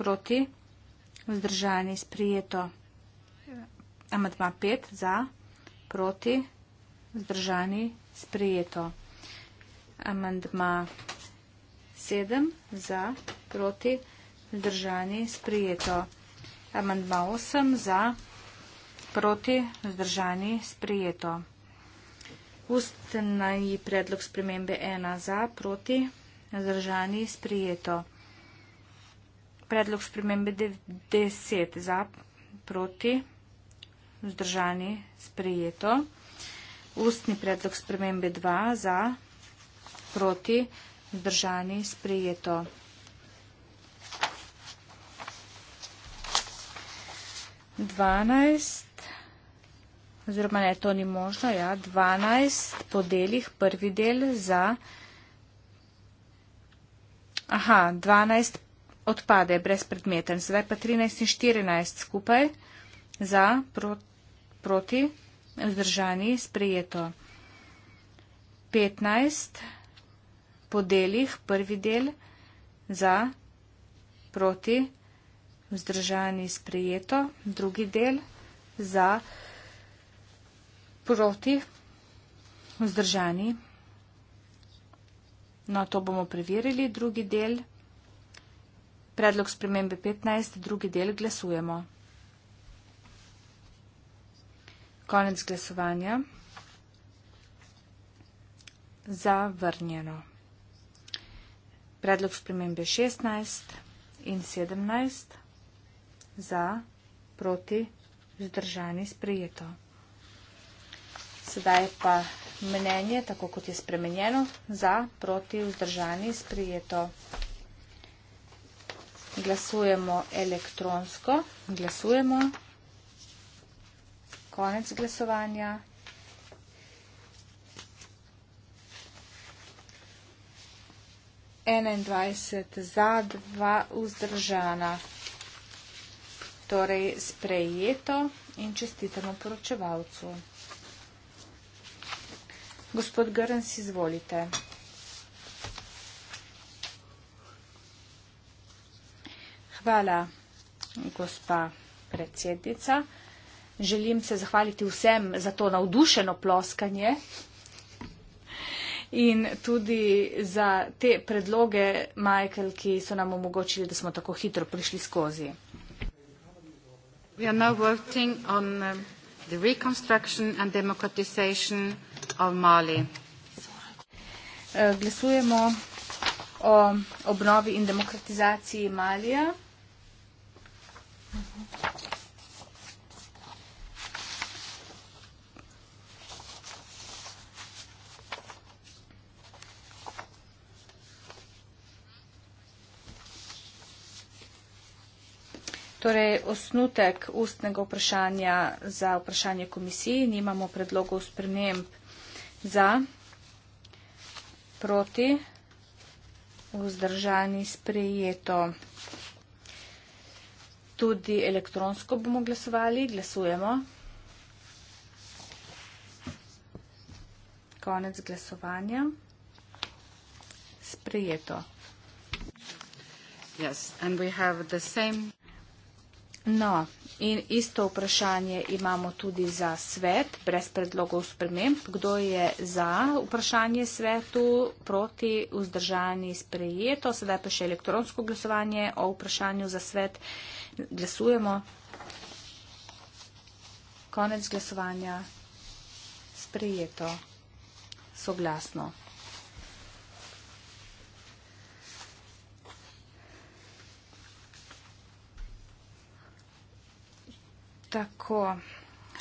proti, vzdržani sprijeto, amadva 5 za, proti, vzdržani sprijeto, amadva 7 za, proti, vzdržani sprijeto, amadva 8 za, proti, vzdržani sprijeto. Ustna je predlog spremembe 1 za, proti, vzdržani sprijeto. Zdržani sprijeto. Predlog spremembe 10 za proti. Zdržani sprijeto. Ustni predlog spremembe 2 za proti. Zdržani sprijeto. Dvanajst, oziroma ne, to ni možno, ja, dvanajst podeljih, prvi del za proti. Aha, 12 odpade brezpredmeten, zdaj pa 13 in 14 skupaj za, pro, proti, vzdržani, sprejeto. 15 po delih, prvi del za, proti, vzdržani, sprejeto, drugi del za, proti, vzdržani, sprejeto. No, to bomo preverili. Drugi del. Predlog spremembe 15. Drugi del. Glasujemo. Konec glasovanja. Zavrnjeno. Predlog spremembe 16 in 17. Za, proti, zdržani, sprejeto. Sedaj pa mnenje, tako kot je spremenjeno, za, proti, vzdržani, sprijeto. Glasujemo elektronsko, glasujemo. Konec glasovanja. Enaindvajset za, dva vzdržana. Torej sprejeto in čestitamo poročevalcu. Gospod Grns, izvolite. Hvala, gospa predsednica. Želim se zahvaliti vsem za to navdušeno ploskanje in tudi za te predloge, Michael, ki so nam omogočili, da smo tako hitro prišli skozi. We are now working on um, the reconstruction and democratization Avmali. Eh, glasujemo o obnovi in demokratizaciji Malija. Torej, osnutek ustnega vprašanja za vprašanje komisiji, nimamo predlogov sprememb za, proti, vzdržani, sprejeto. Tudi elektronsko bomo glasovali, glasujemo. Konec glasovanja. Sprejeto. Yes, and we have the same. No, in isto vprašanje imamo tudi za svet, brez predlogov sprememb. Kdo je za vprašanje svetu, proti vzdržanje sprejeto? Sedaj pa še elektronsko glasovanje o vprašanju za svet. Glasujemo. Konec glasovanja. Sprejeto. Soglasno. Tako,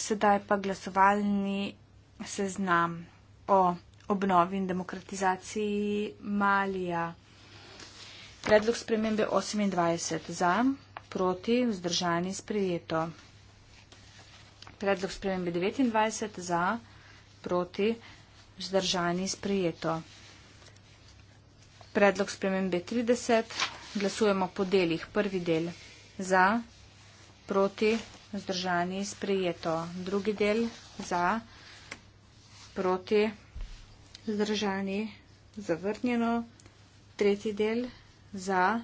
sedaj pa glasovalni seznam o obnovi in demokratizaciji Malija. Predlog spremembe 28 za, proti, vzdržani, sprejeto. Predlog spremembe 29 za, proti, vzdržani, sprejeto. Predlog spremembe 30, glasujemo po delih. Prvi del za, proti, zdržani, sprejeto. Drugi del za, proti, zdržani, zavrnjeno. Tretji del za,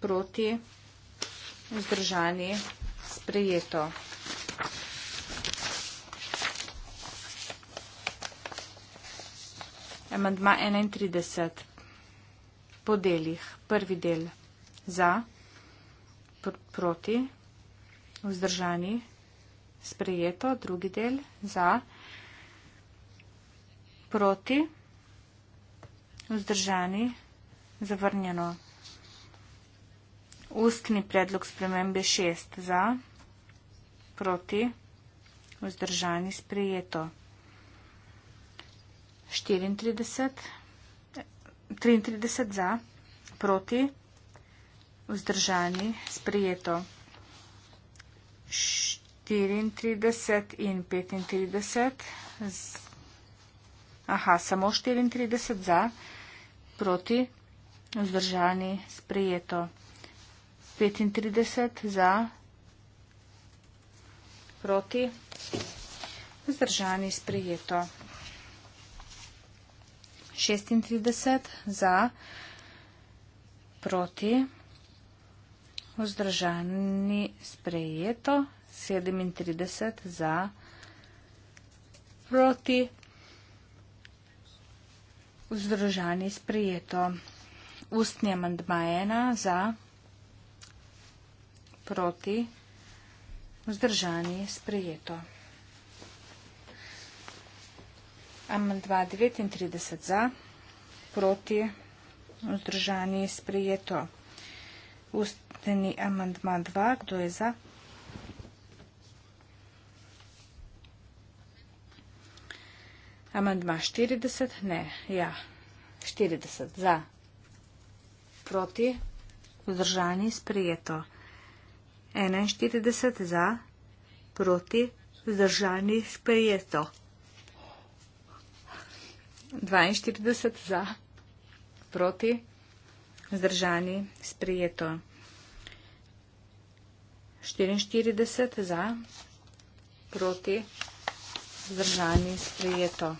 proti, zdržani, sprejeto. Amandma 31. Po delih. Prvi del za, proti, vzdržani, sprejeto, drugi del, za, proti, vzdržani, zavrnjeno. Ustni predlog spremembe 6 za, proti, vzdržani, sprejeto. 34, 33 za, proti, vzdržani, sprejeto. 34 in 35. Z... Aha, samo 34 za, proti, vzdržani, sprejeto. 35 za, proti, vzdržani, sprejeto. 36 za, proti, vzdržani, sprejeto vzdržani sprejeto 37 za proti vzdržani sprejeto ustni amandmajena za proti vzdržani sprejeto. Amandma 39 za proti vzdržani sprejeto usteni amandman 2. Kdo je za? Amandma 40? Ne. Ja. 40. Za. Proti. Vzdržani. Sprijeto. 41. Za. Proti. Vzdržani. Sprijeto. 42. Za. Proti. Vzdržani. Sprijeto zdržani, sprijeto 44 za, proti, zdržani, sprijeto.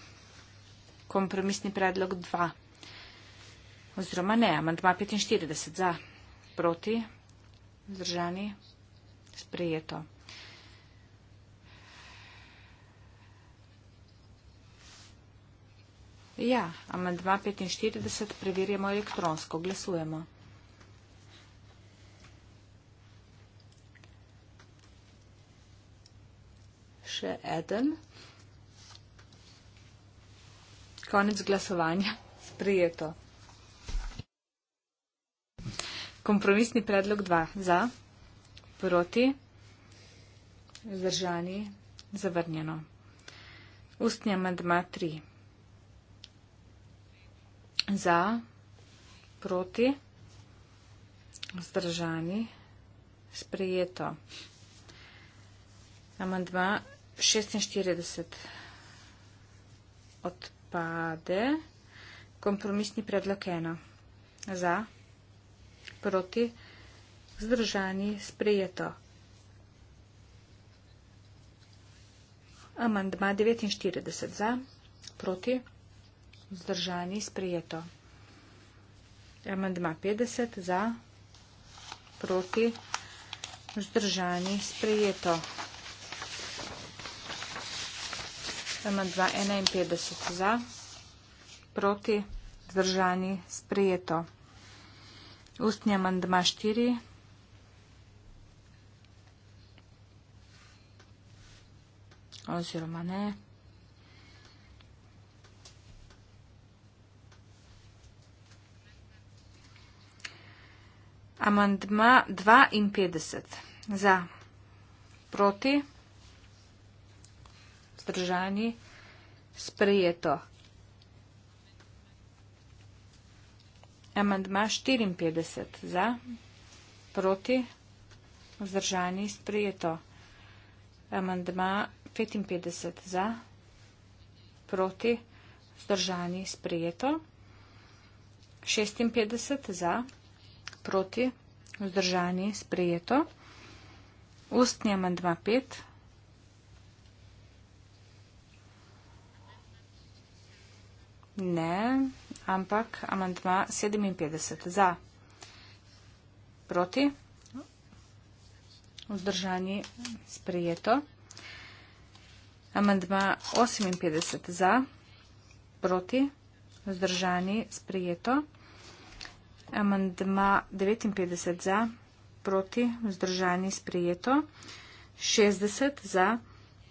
Kompromisni predlog 2, oziroma ne, amantma 45 za, proti, zdržani, sprijeto. Ja, amandma 45 preverjamo elektronsko. Glasujemo. Še eden. Konec glasovanja. Sprijeto. Kompromisni predlog 2. Za. Proti. Zdržani. Zavrnjeno. Ustni amandma 3 za, proti, vzdržani, sprejeto. Amandma 46 odpade. Kompromisni predlog 1. Za, proti, vzdržani, sprejeto. Amandma 49 za, proti, vzdržani. Vzdržani sprejeto. Amandma 50 za, proti, vzdržani sprejeto. Amandma 51 za, proti, vzdržani sprejeto. Ustni amandma 4. Oziroma ne, Amandma 52. Za. Proti. Zdržani. Sprejeto. Amandma 54. Za. Proti. Zdržani. Sprejeto. Amandma 55. Za. Proti. Zdržani. Sprejeto. 56. Za. Proti proti, vzdržani, sprejeto. Ustni amandma 5. Ne, ampak amandma 57. Za, proti, vzdržani, sprejeto. Amandma 58. Za, proti, vzdržani, sprejeto amandma 59 za, proti, vzdržani sprejeto, 60 za,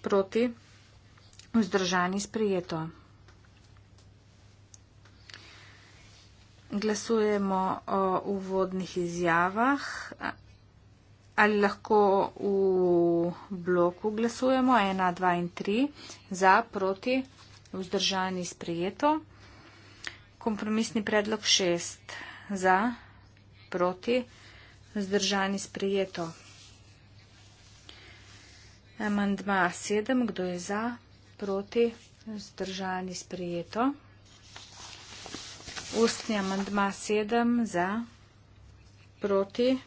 proti, vzdržani sprejeto. Glasujemo o uvodnih izjavah. Ali lahko v bloku glasujemo 1, 2 in 3 za, proti, vzdržani sprejeto. Kompromisni predlog 6 za, proti, vzdržani sprejeto. Amandma 7, kdo je za, proti, vzdržani sprejeto. Ustni amandma 7 za, proti,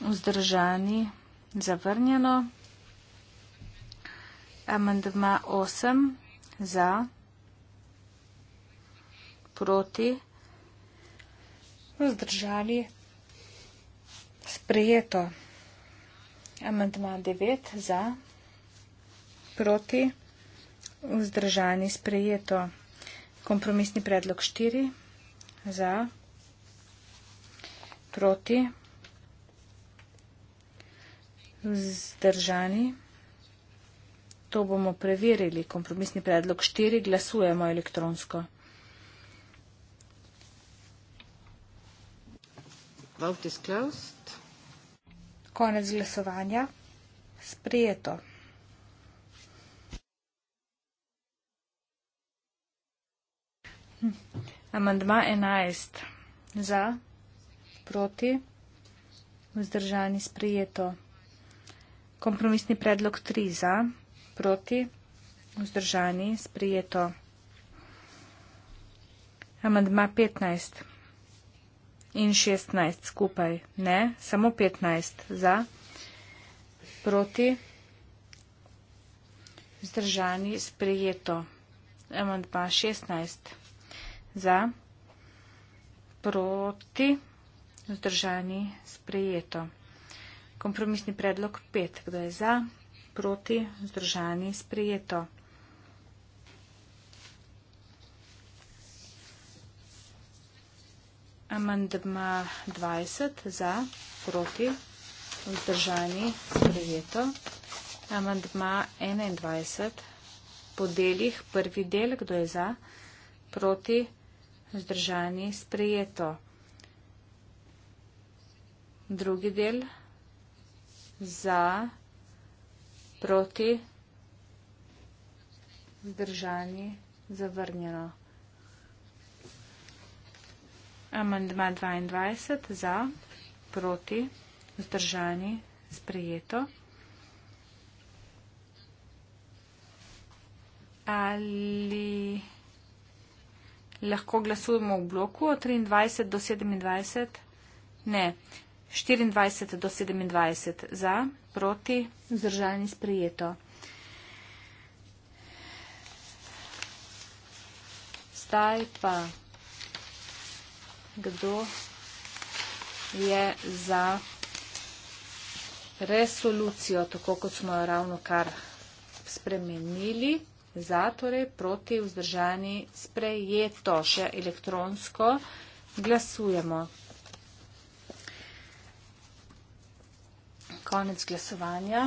vzdržani, zavrnjeno. Amandma 8 za, proti, vzdržani sprejeto vzdržali sprejeto amantma 9 za proti vzdržani sprejeto kompromisni predlog 4 za proti vzdržani. To bomo preverili. Kompromisni predlog 4 glasujemo elektronsko. Vote is closed. Konec glasovanja. Sprijeto. Hm. Amandma 11. Za, proti, vzdržani sprijeto. Kompromisni predlog 3. Za, proti, vzdržani sprijeto. Amandma 15 in 16 skupaj. Ne, samo 15 za, proti, zdržani, sprejeto. Amandma 16 za, proti, zdržani, sprejeto. Kompromisni predlog 5. Kdo je za? Proti, zdržani, sprejeto. Amandma 20 za, proti, vzdržani, sprejeto. Amandma 21, po delih, prvi del, kdo je za, proti, vzdržani, sprejeto. Drugi del, za, proti, vzdržani, zavrnjeno. Amandma 22 za, proti, vzdržani, sprejeto. Ali lahko glasujemo v bloku od 23 do 27? Ne. 24 do 27 za, proti, vzdržani, sprejeto. Zdaj pa kdo je za resolucijo, tako kot smo jo ravno kar spremenili, za torej proti vzdržani sprejeto še elektronsko glasujemo. Konec glasovanja.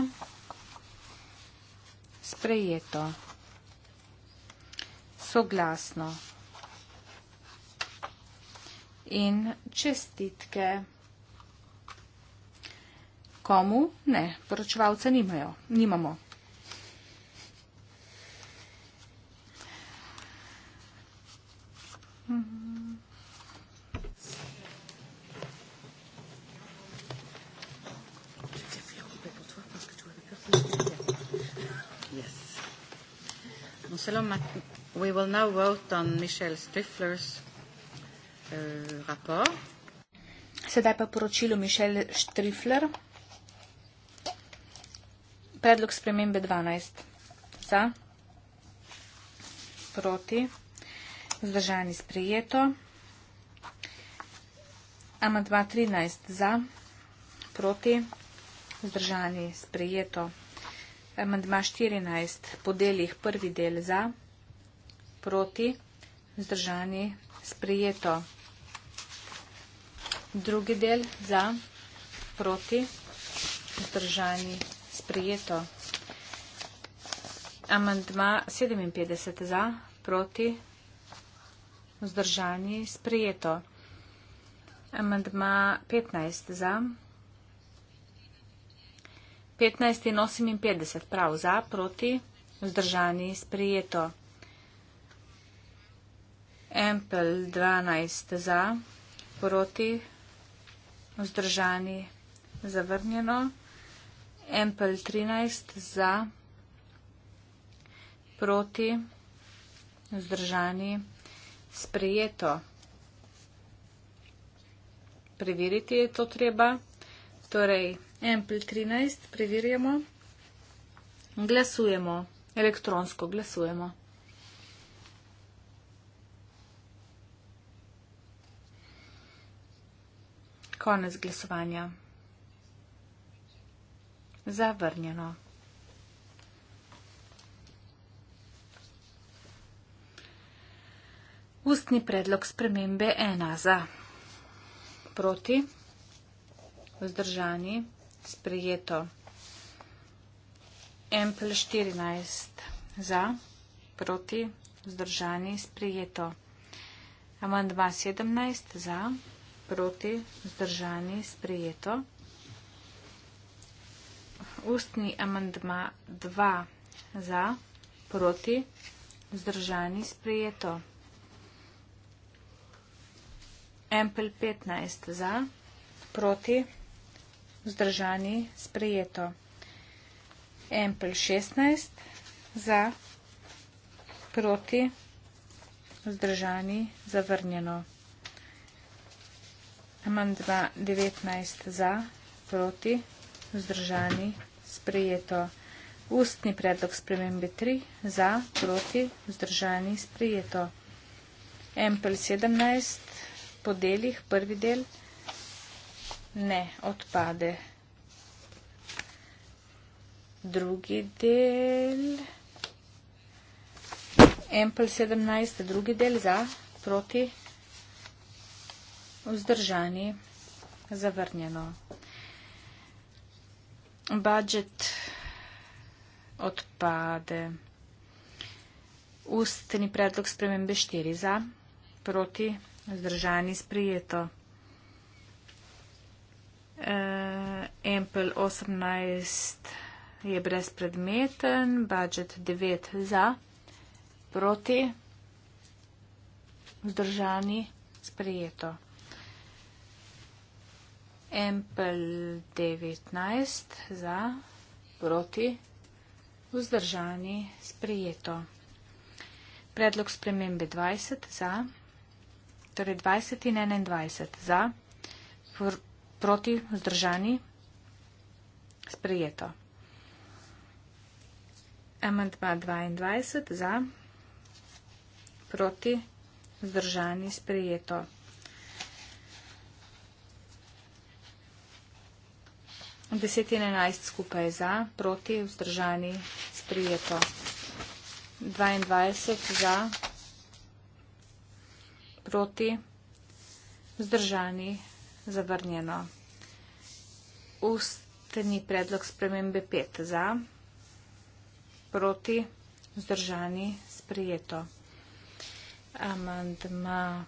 Sprejeto. Soglasno in čestitke. Komu? Ne, poročevalca nimajo, nimamo. Yes. Monsieur le we will now vote on Michel Striffler's eh, rapport. Sedaj pa poročilo Mišel Štrifler. Predlog spremembe 12. Za. Proti. Zdržani sprejeto. Amadva 13. Za. Proti. Zdržani sprejeto. Amadva 14. Podelih prvi del za. Proti. Zdržani sprejeto. Drugi del za, proti, vzdržani, sprejeto. Amandma 57 za, proti, vzdržani, sprejeto. Amandma 15 za, 15 in 58 prav za, proti, vzdržani, sprejeto. Empel 12 za, proti, vzdržani, zavrnjeno. Empel 13 za, proti, vzdržani, sprejeto. Preveriti je to treba. Torej, Empel 13 preverjamo. Glasujemo, elektronsko glasujemo. Konec glasovanja. Zavrnjeno. Ustni predlog spremembe 1 za. Proti. Vzdržani. Sprejeto. MPL 14 za. Proti. Vzdržani. Sprejeto. Amandma 17 za proti, vzdržani, sprejeto. Ustni amandma 2 za, proti, vzdržani, sprejeto. Empel 15 za, proti, vzdržani, sprejeto. Empel 16 za, proti, vzdržani, zavrnjeno. Amandma 19 za, proti, vzdržani, sprejeto. Ustni predlog spremembe 3 za, proti, vzdržani, sprejeto. MPL 17 po delih, prvi del, ne, odpade. Drugi del. MPL 17, drugi del za, proti, vzdržani vzdržani, zavrnjeno. Budžet odpade. Ustni predlog spremembe 4 za, proti, vzdržani, sprijeto. Eh, Empel 18 je brezpredmeten, budžet 9 za, proti, vzdržani, sprijeto. Ampel 19 za, proti, vzdržani, sprejeto. Predlog spremembe 20 za, torej 20 in 21 za, pr proti, vzdržani, sprejeto. Amantma 22 za, proti, vzdržani, sprejeto. 10 in 11 skupaj za, proti, vzdržani, sprijeto. 22 za, proti, vzdržani, zavrnjeno. Ustni predlog spremembe 5 za, proti, vzdržani, sprijeto. Amandma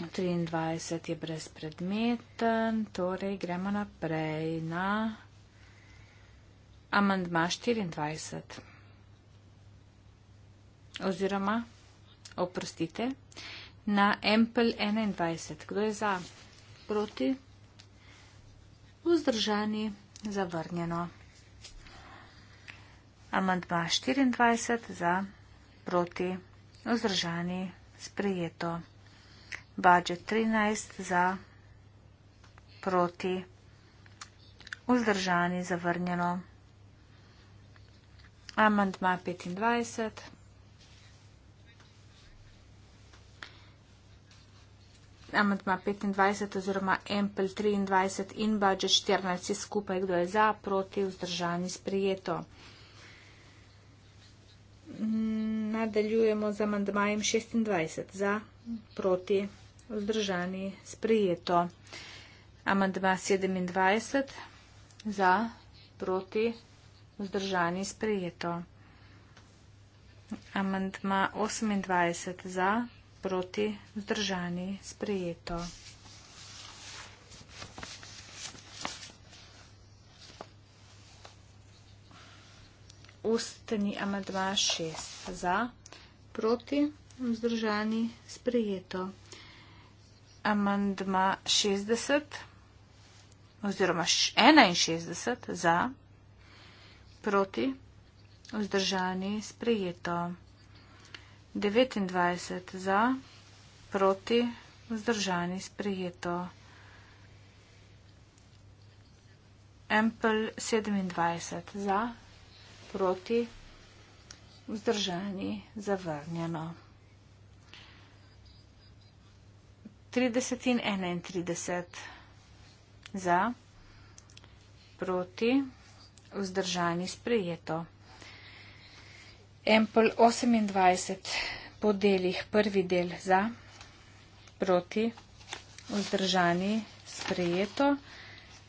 23 je brezpredmeten, torej gremo naprej na amandma 24. Oziroma, oprostite, na MPL 21. Kdo je za? Proti? Vzdržani? Zavrnjeno. Amandma 24 za, proti, vzdržani, sprejeto budžet 13 za proti vzdržani zavrnjeno. Amandma 25. Amandma 25 oziroma MPL 23 in budžet 14 skupaj, kdo je za, proti, vzdržani, sprijeto. Nadaljujemo z amandmajem 26 za, proti, vzdržani vzdržani, sprejeto. Amandma 27 za, proti, vzdržani, sprejeto. Amandma 28 za, proti, vzdržani, sprejeto. Ustni amandma 6 za, proti, vzdržani, sprejeto amandma 60 oziroma 61 za, proti, vzdržani, sprejeto. 29 za, proti, vzdržani, sprejeto. Empel 27 za, proti, vzdržani, zavrnjeno. 30 in 31 za, proti, vzdržani sprejeto. Empel 28 po delih, prvi del za, proti, vzdržani sprejeto,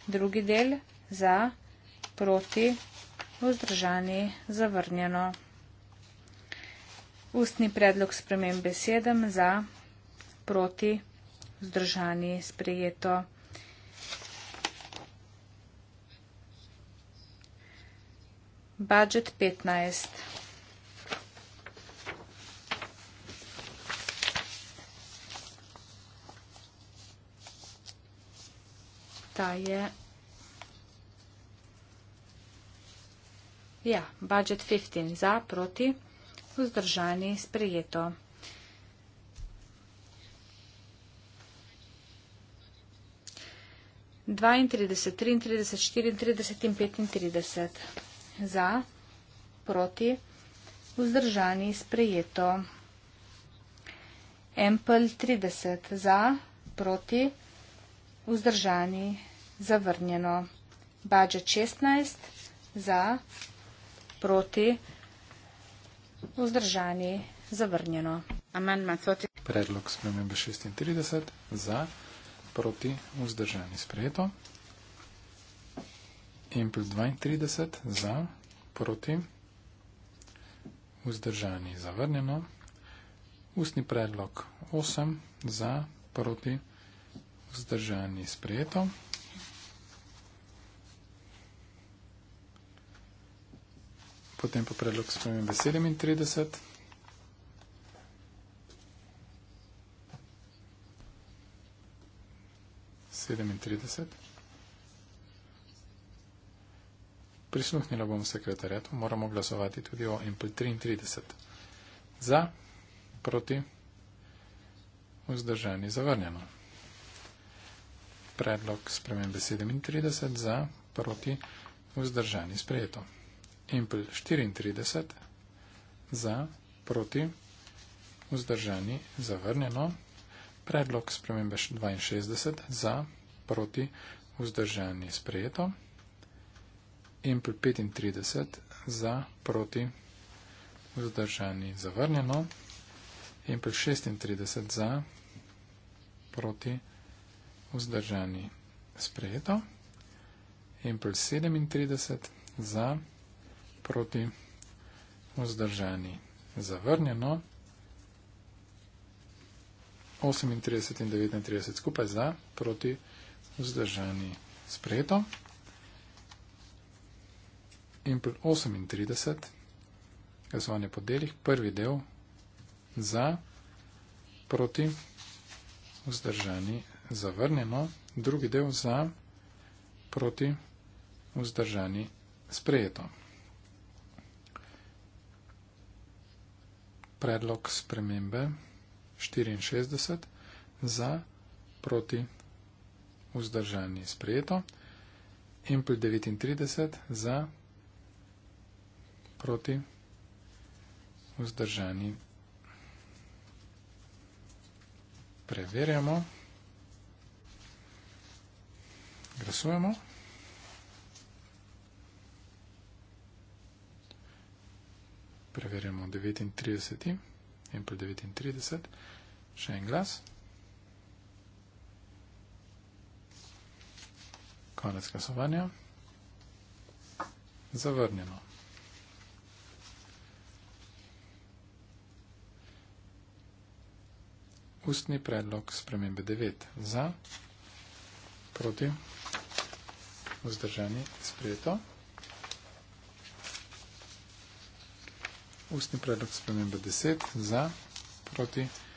drugi del za, proti, vzdržani zavrnjeno. Ustni predlog spremembe 7 za, proti, vzdržani sprejeto vzdržani, sprejeto. Budget 15. Ta je. Ja, budget 15 za, proti, vzdržani, sprejeto. 32, 33, 34 in 35. Za, proti, vzdržani, sprejeto. Empel 30. Za, proti, vzdržani, zavrnjeno. Bađa 16. Za, proti, vzdržani, zavrnjeno. Amandma 30. Predlog spremembe 36. Za proti vzdržani sprejeto. In plus 32 za proti vzdržani zavrnjeno. Ustni predlog 8 za proti vzdržani sprejeto. Potem pa predlog spremembe 37 za proti vzdržani sprejeto. 37. Prisluhnila bom sekretarjatu, moramo glasovati tudi o MP33. Za, proti, vzdržani, zavrnjeno. Predlog spremembe 37 za, proti, vzdržani, sprejeto. MP34 za, proti, vzdržani, zavrnjeno. Predlog spremembe 62 za, proti, vzdržanje sprejeto. In pri 35 za, proti, vzdržanje zavrnjeno. In pri 36 za, proti, vzdržanje sprejeto. In pri 37 za, proti, vzdržanje zavrnjeno. 38 in 39 skupaj za, proti vzdržani sprejeto. In pri 38, glasovanje po delih, prvi del za, proti vzdržani zavrnjeno, drugi del za, proti vzdržani sprejeto. Predlog spremembe. 64, za, proti, vzdržani, sprejeto. Impl 39, za, proti, vzdržani. Preverjamo. Glasujemo. Preverjamo 39. Impl 39. Še en glas. Konec glasovanja. Zavrnjeno. Ustni predlog spremembe 9 za, proti, vzdržani, sprejeto. Ustni predlog spremembe 10 za, proti, vzdržani.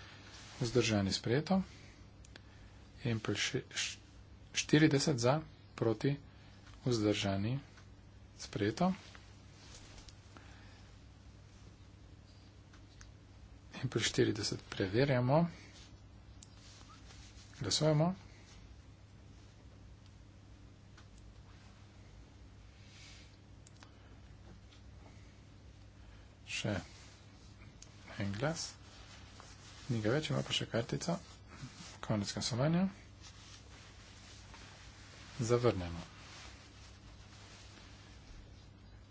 Zdržani sprejeto. Empel 40 za, proti vzdržani sprejeto. Empel 40 preverjamo. Glasujemo. Še en glas. Ni ga več, ima pa še kartica. Konec glasovanja. Zavrnemo.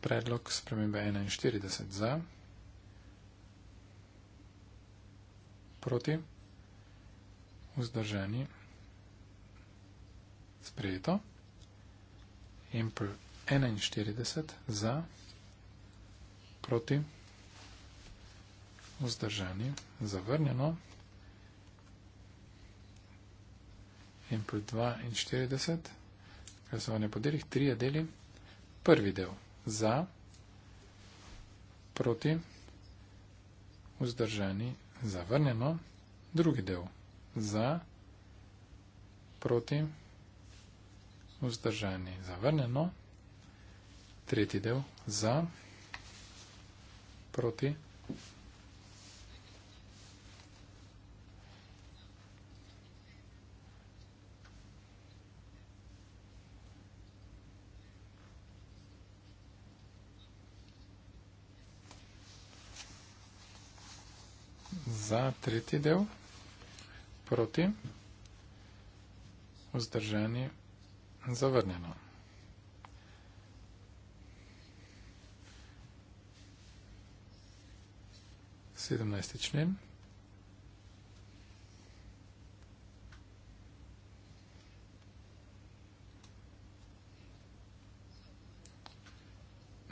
Predlog spremembe 41 za. Proti. Vzdržani. Sprejeto. Emperor 41 za. Proti vzdržani, zavrnjeno. In pri 42, kar so vanje podelih, tri deli. Prvi del za, proti, vzdržani, zavrnjeno. Drugi del za, proti, vzdržani, zavrnjeno. Tretji del za, proti, vzdržani. za, tretji del, proti, vzdržani, zavrnjeno. Sedemnajsti člen.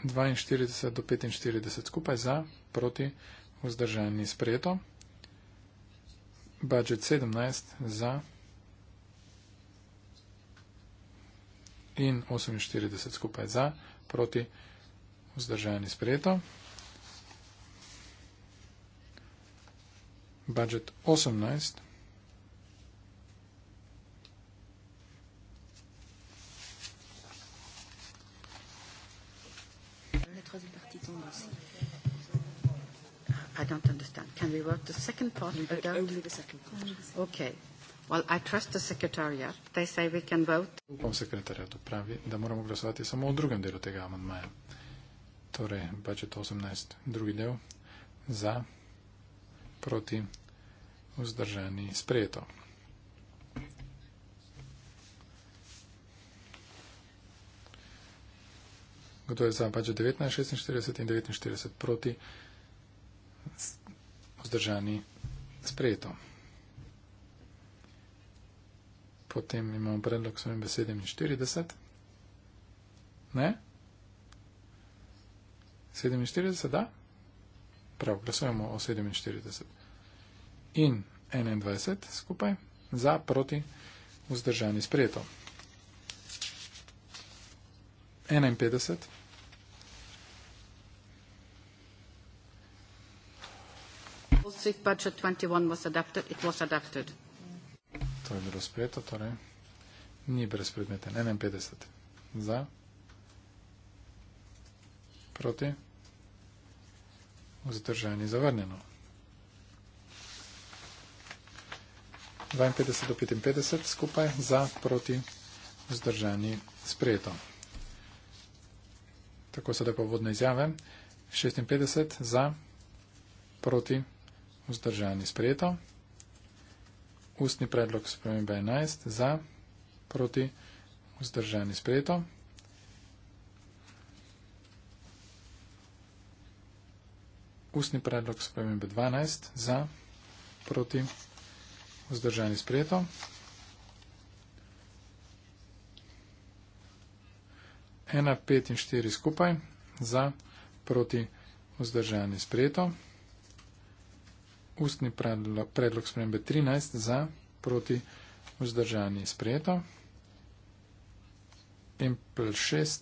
Dvainštirideset do petinštirideset skupaj za, proti, vzdržani, sprejeto. Budget 17 za in 48 skupaj za, proti vzdržajanje sprejeto. Budget 18 za. what, uh, the second part? Only the second part. Okay. Well, I trust the secretariat. They say we can vote. Upam sekretariatu pravi, da moramo glasovati samo o drugem delu tega amandmaja. Torej, budget 18, drugi del, za, proti, vzdržani, sprejeto. Kdo je za budget 19, 46 in 49 proti? vzdržani sprejeto. Potem imamo predlog svojim besedem 40. Ne? 47, da? Prav, glasujemo o 47. In 21 skupaj za proti vzdržani sprejeto. 51. SIF budget 21 was adopted, it was adopted. To je bilo sprejeto, torej ni brez predmeta. 51. Za. Proti. Vzdržanje zavrnjeno. 52 do 55 skupaj za proti vzdržanje sprejeto. Tako sedaj pa vodne izjave. 56 za proti vzdržanje vzdržani sprejeto. Ustni predlog spremembe 11 za, proti, vzdržani sprejeto. Ustni predlog spremembe 12 za, proti, vzdržani sprejeto. Ena, pet in štiri skupaj za, proti, vzdržani sprejeto ustni predlog, predlog spremembe 13 za, proti, vzdržani je sprejeto. Impel 6,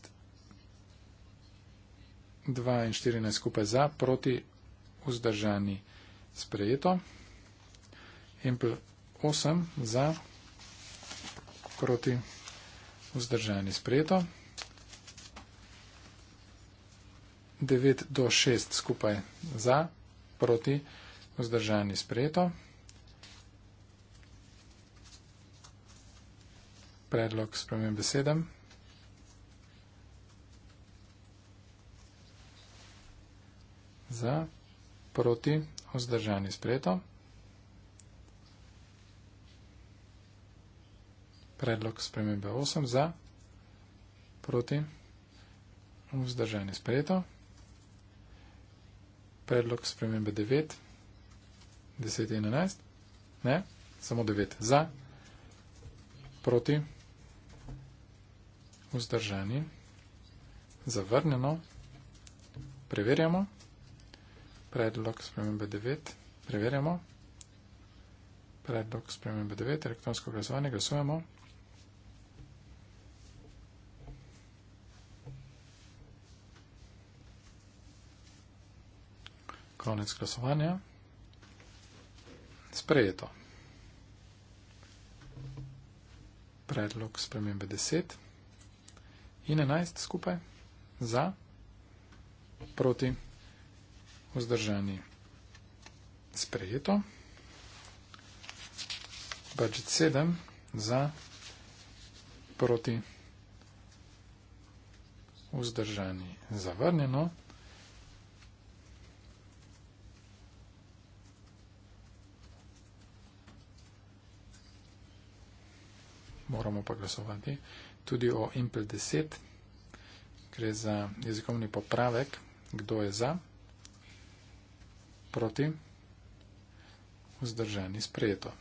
2 in 14 skupaj za, proti, vzdržani je sprejeto. Impel 8 za, proti, vzdržani je sprejeto. 9 do 6 skupaj za, proti, vzdržani je sprejeto vzdržani sprejeto. Predlog spremembe 7. Za proti vzdržani sprejeto. Predlog spremembe 8. Za proti vzdržani sprejeto. Predlog spremembe 9. 10 in 11, ne, samo 9 za, proti, vzdržani, zavrnjeno, preverjamo, predlog spremembe 9, preverjamo, predlog spremembe 9, elektronsko glasovanje, glasujemo. Konec glasovanja sprejeto. Predlog spremembe 10 in 11 skupaj za, proti, vzdržani sprejeto. Budget 7 za, proti, vzdržani zavrnjeno. moramo pa glasovati, tudi o Impel 10, gre za jezikovni popravek, kdo je za, proti, vzdržani, sprejeto.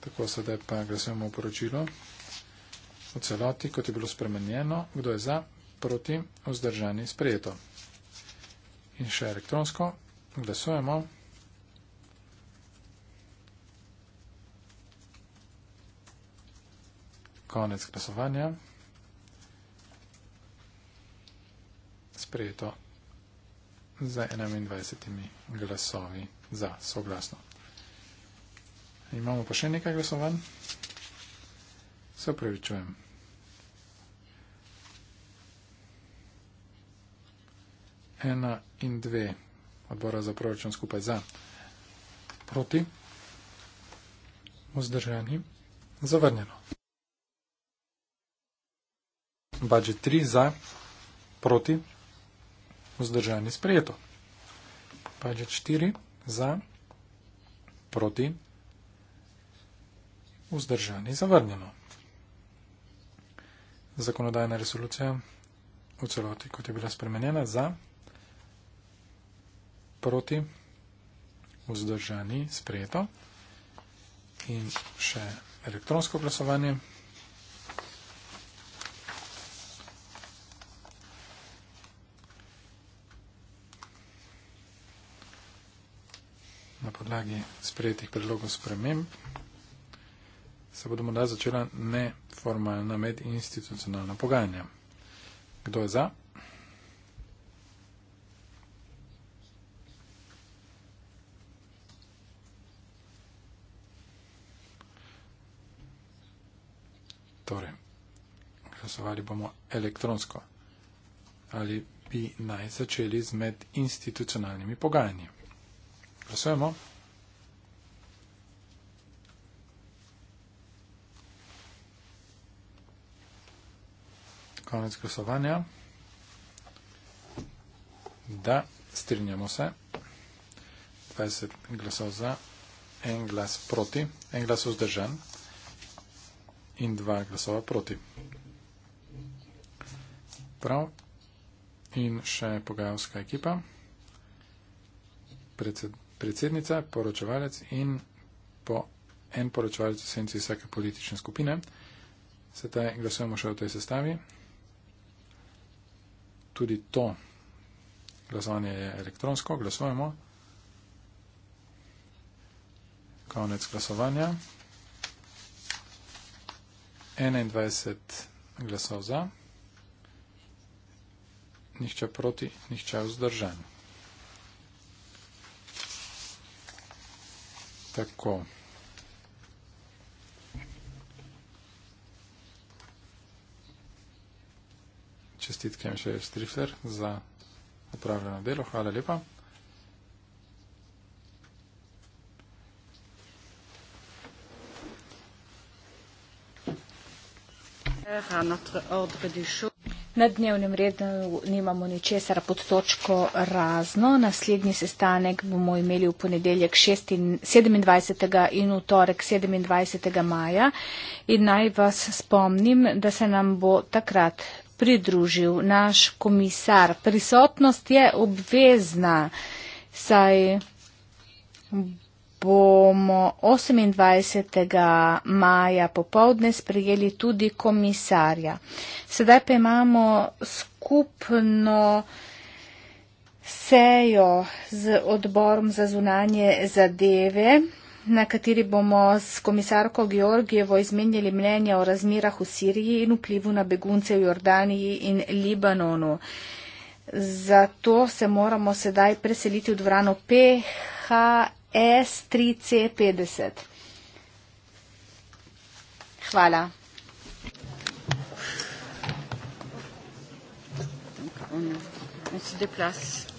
Tako sedaj pa glasujemo v poročilo v celoti, kot je bilo spremenjeno, kdo je za, proti, vzdržani, sprejeto. In še elektronsko glasujemo. koniec głosowania. Sprejeto za 21 głosami za, soglasno. I mamy jeszcze kilka głosowań. Soprawiczyłem. Ena in dve odbora za proračun skupaj za proti, vzdržani, zavrnjeno. Bađe 3 za, proti, vzdržanje sprejeto. Bađe 4 za, proti, vzdržanje zavrnjeno. Zakonodajna resolucija v celoti, kot je bila spremenjena, za, proti, vzdržanje sprejeto. In še elektronsko glasovanje. podlagi sprejetih predlogov sprememb se bodo morda začela neformalna medinstitucionalna pogajanja. Kdo je za? Torej, glasovali bomo elektronsko. Ali bi naj začeli z medinstitucionalnimi pogajanji? Glasujemo. konec glasovanja. Da, strinjamo se. 20 glasov za, en glas proti, en glas vzdržan in dva glasova proti. Prav. In še pogajalska ekipa, Predsed, predsednica, poročevalec in po en poročevalec v senci vsake politične skupine. Sedaj glasujemo še o tej sestavi tudi to glasovanje je elektronsko, glasujemo. Konec glasovanja. 21 glasov za, nihče proti, nihče vzdržan. Tako. čestitke še Strifler za upravljeno delo. Hvala lepa. Na dnevnem redu nimamo ničesar pod točko razno. Naslednji sestanek bomo imeli v ponedeljek 27. in v torek 27. maja. In naj vas spomnim, da se nam bo takrat pridružil naš komisar. Prisotnost je obvezna, saj bomo 28. maja popovdne sprejeli tudi komisarja. Sedaj pa imamo skupno sejo z odborom za zunanje zadeve na kateri bomo s komisarko Georgijevo izmenjali mnenja o razmirah v Siriji in vplivu na begunce v Jordaniji in Libanonu. Zato se moramo sedaj preseliti v dvorano PHS3C50. Hvala. Merci de place.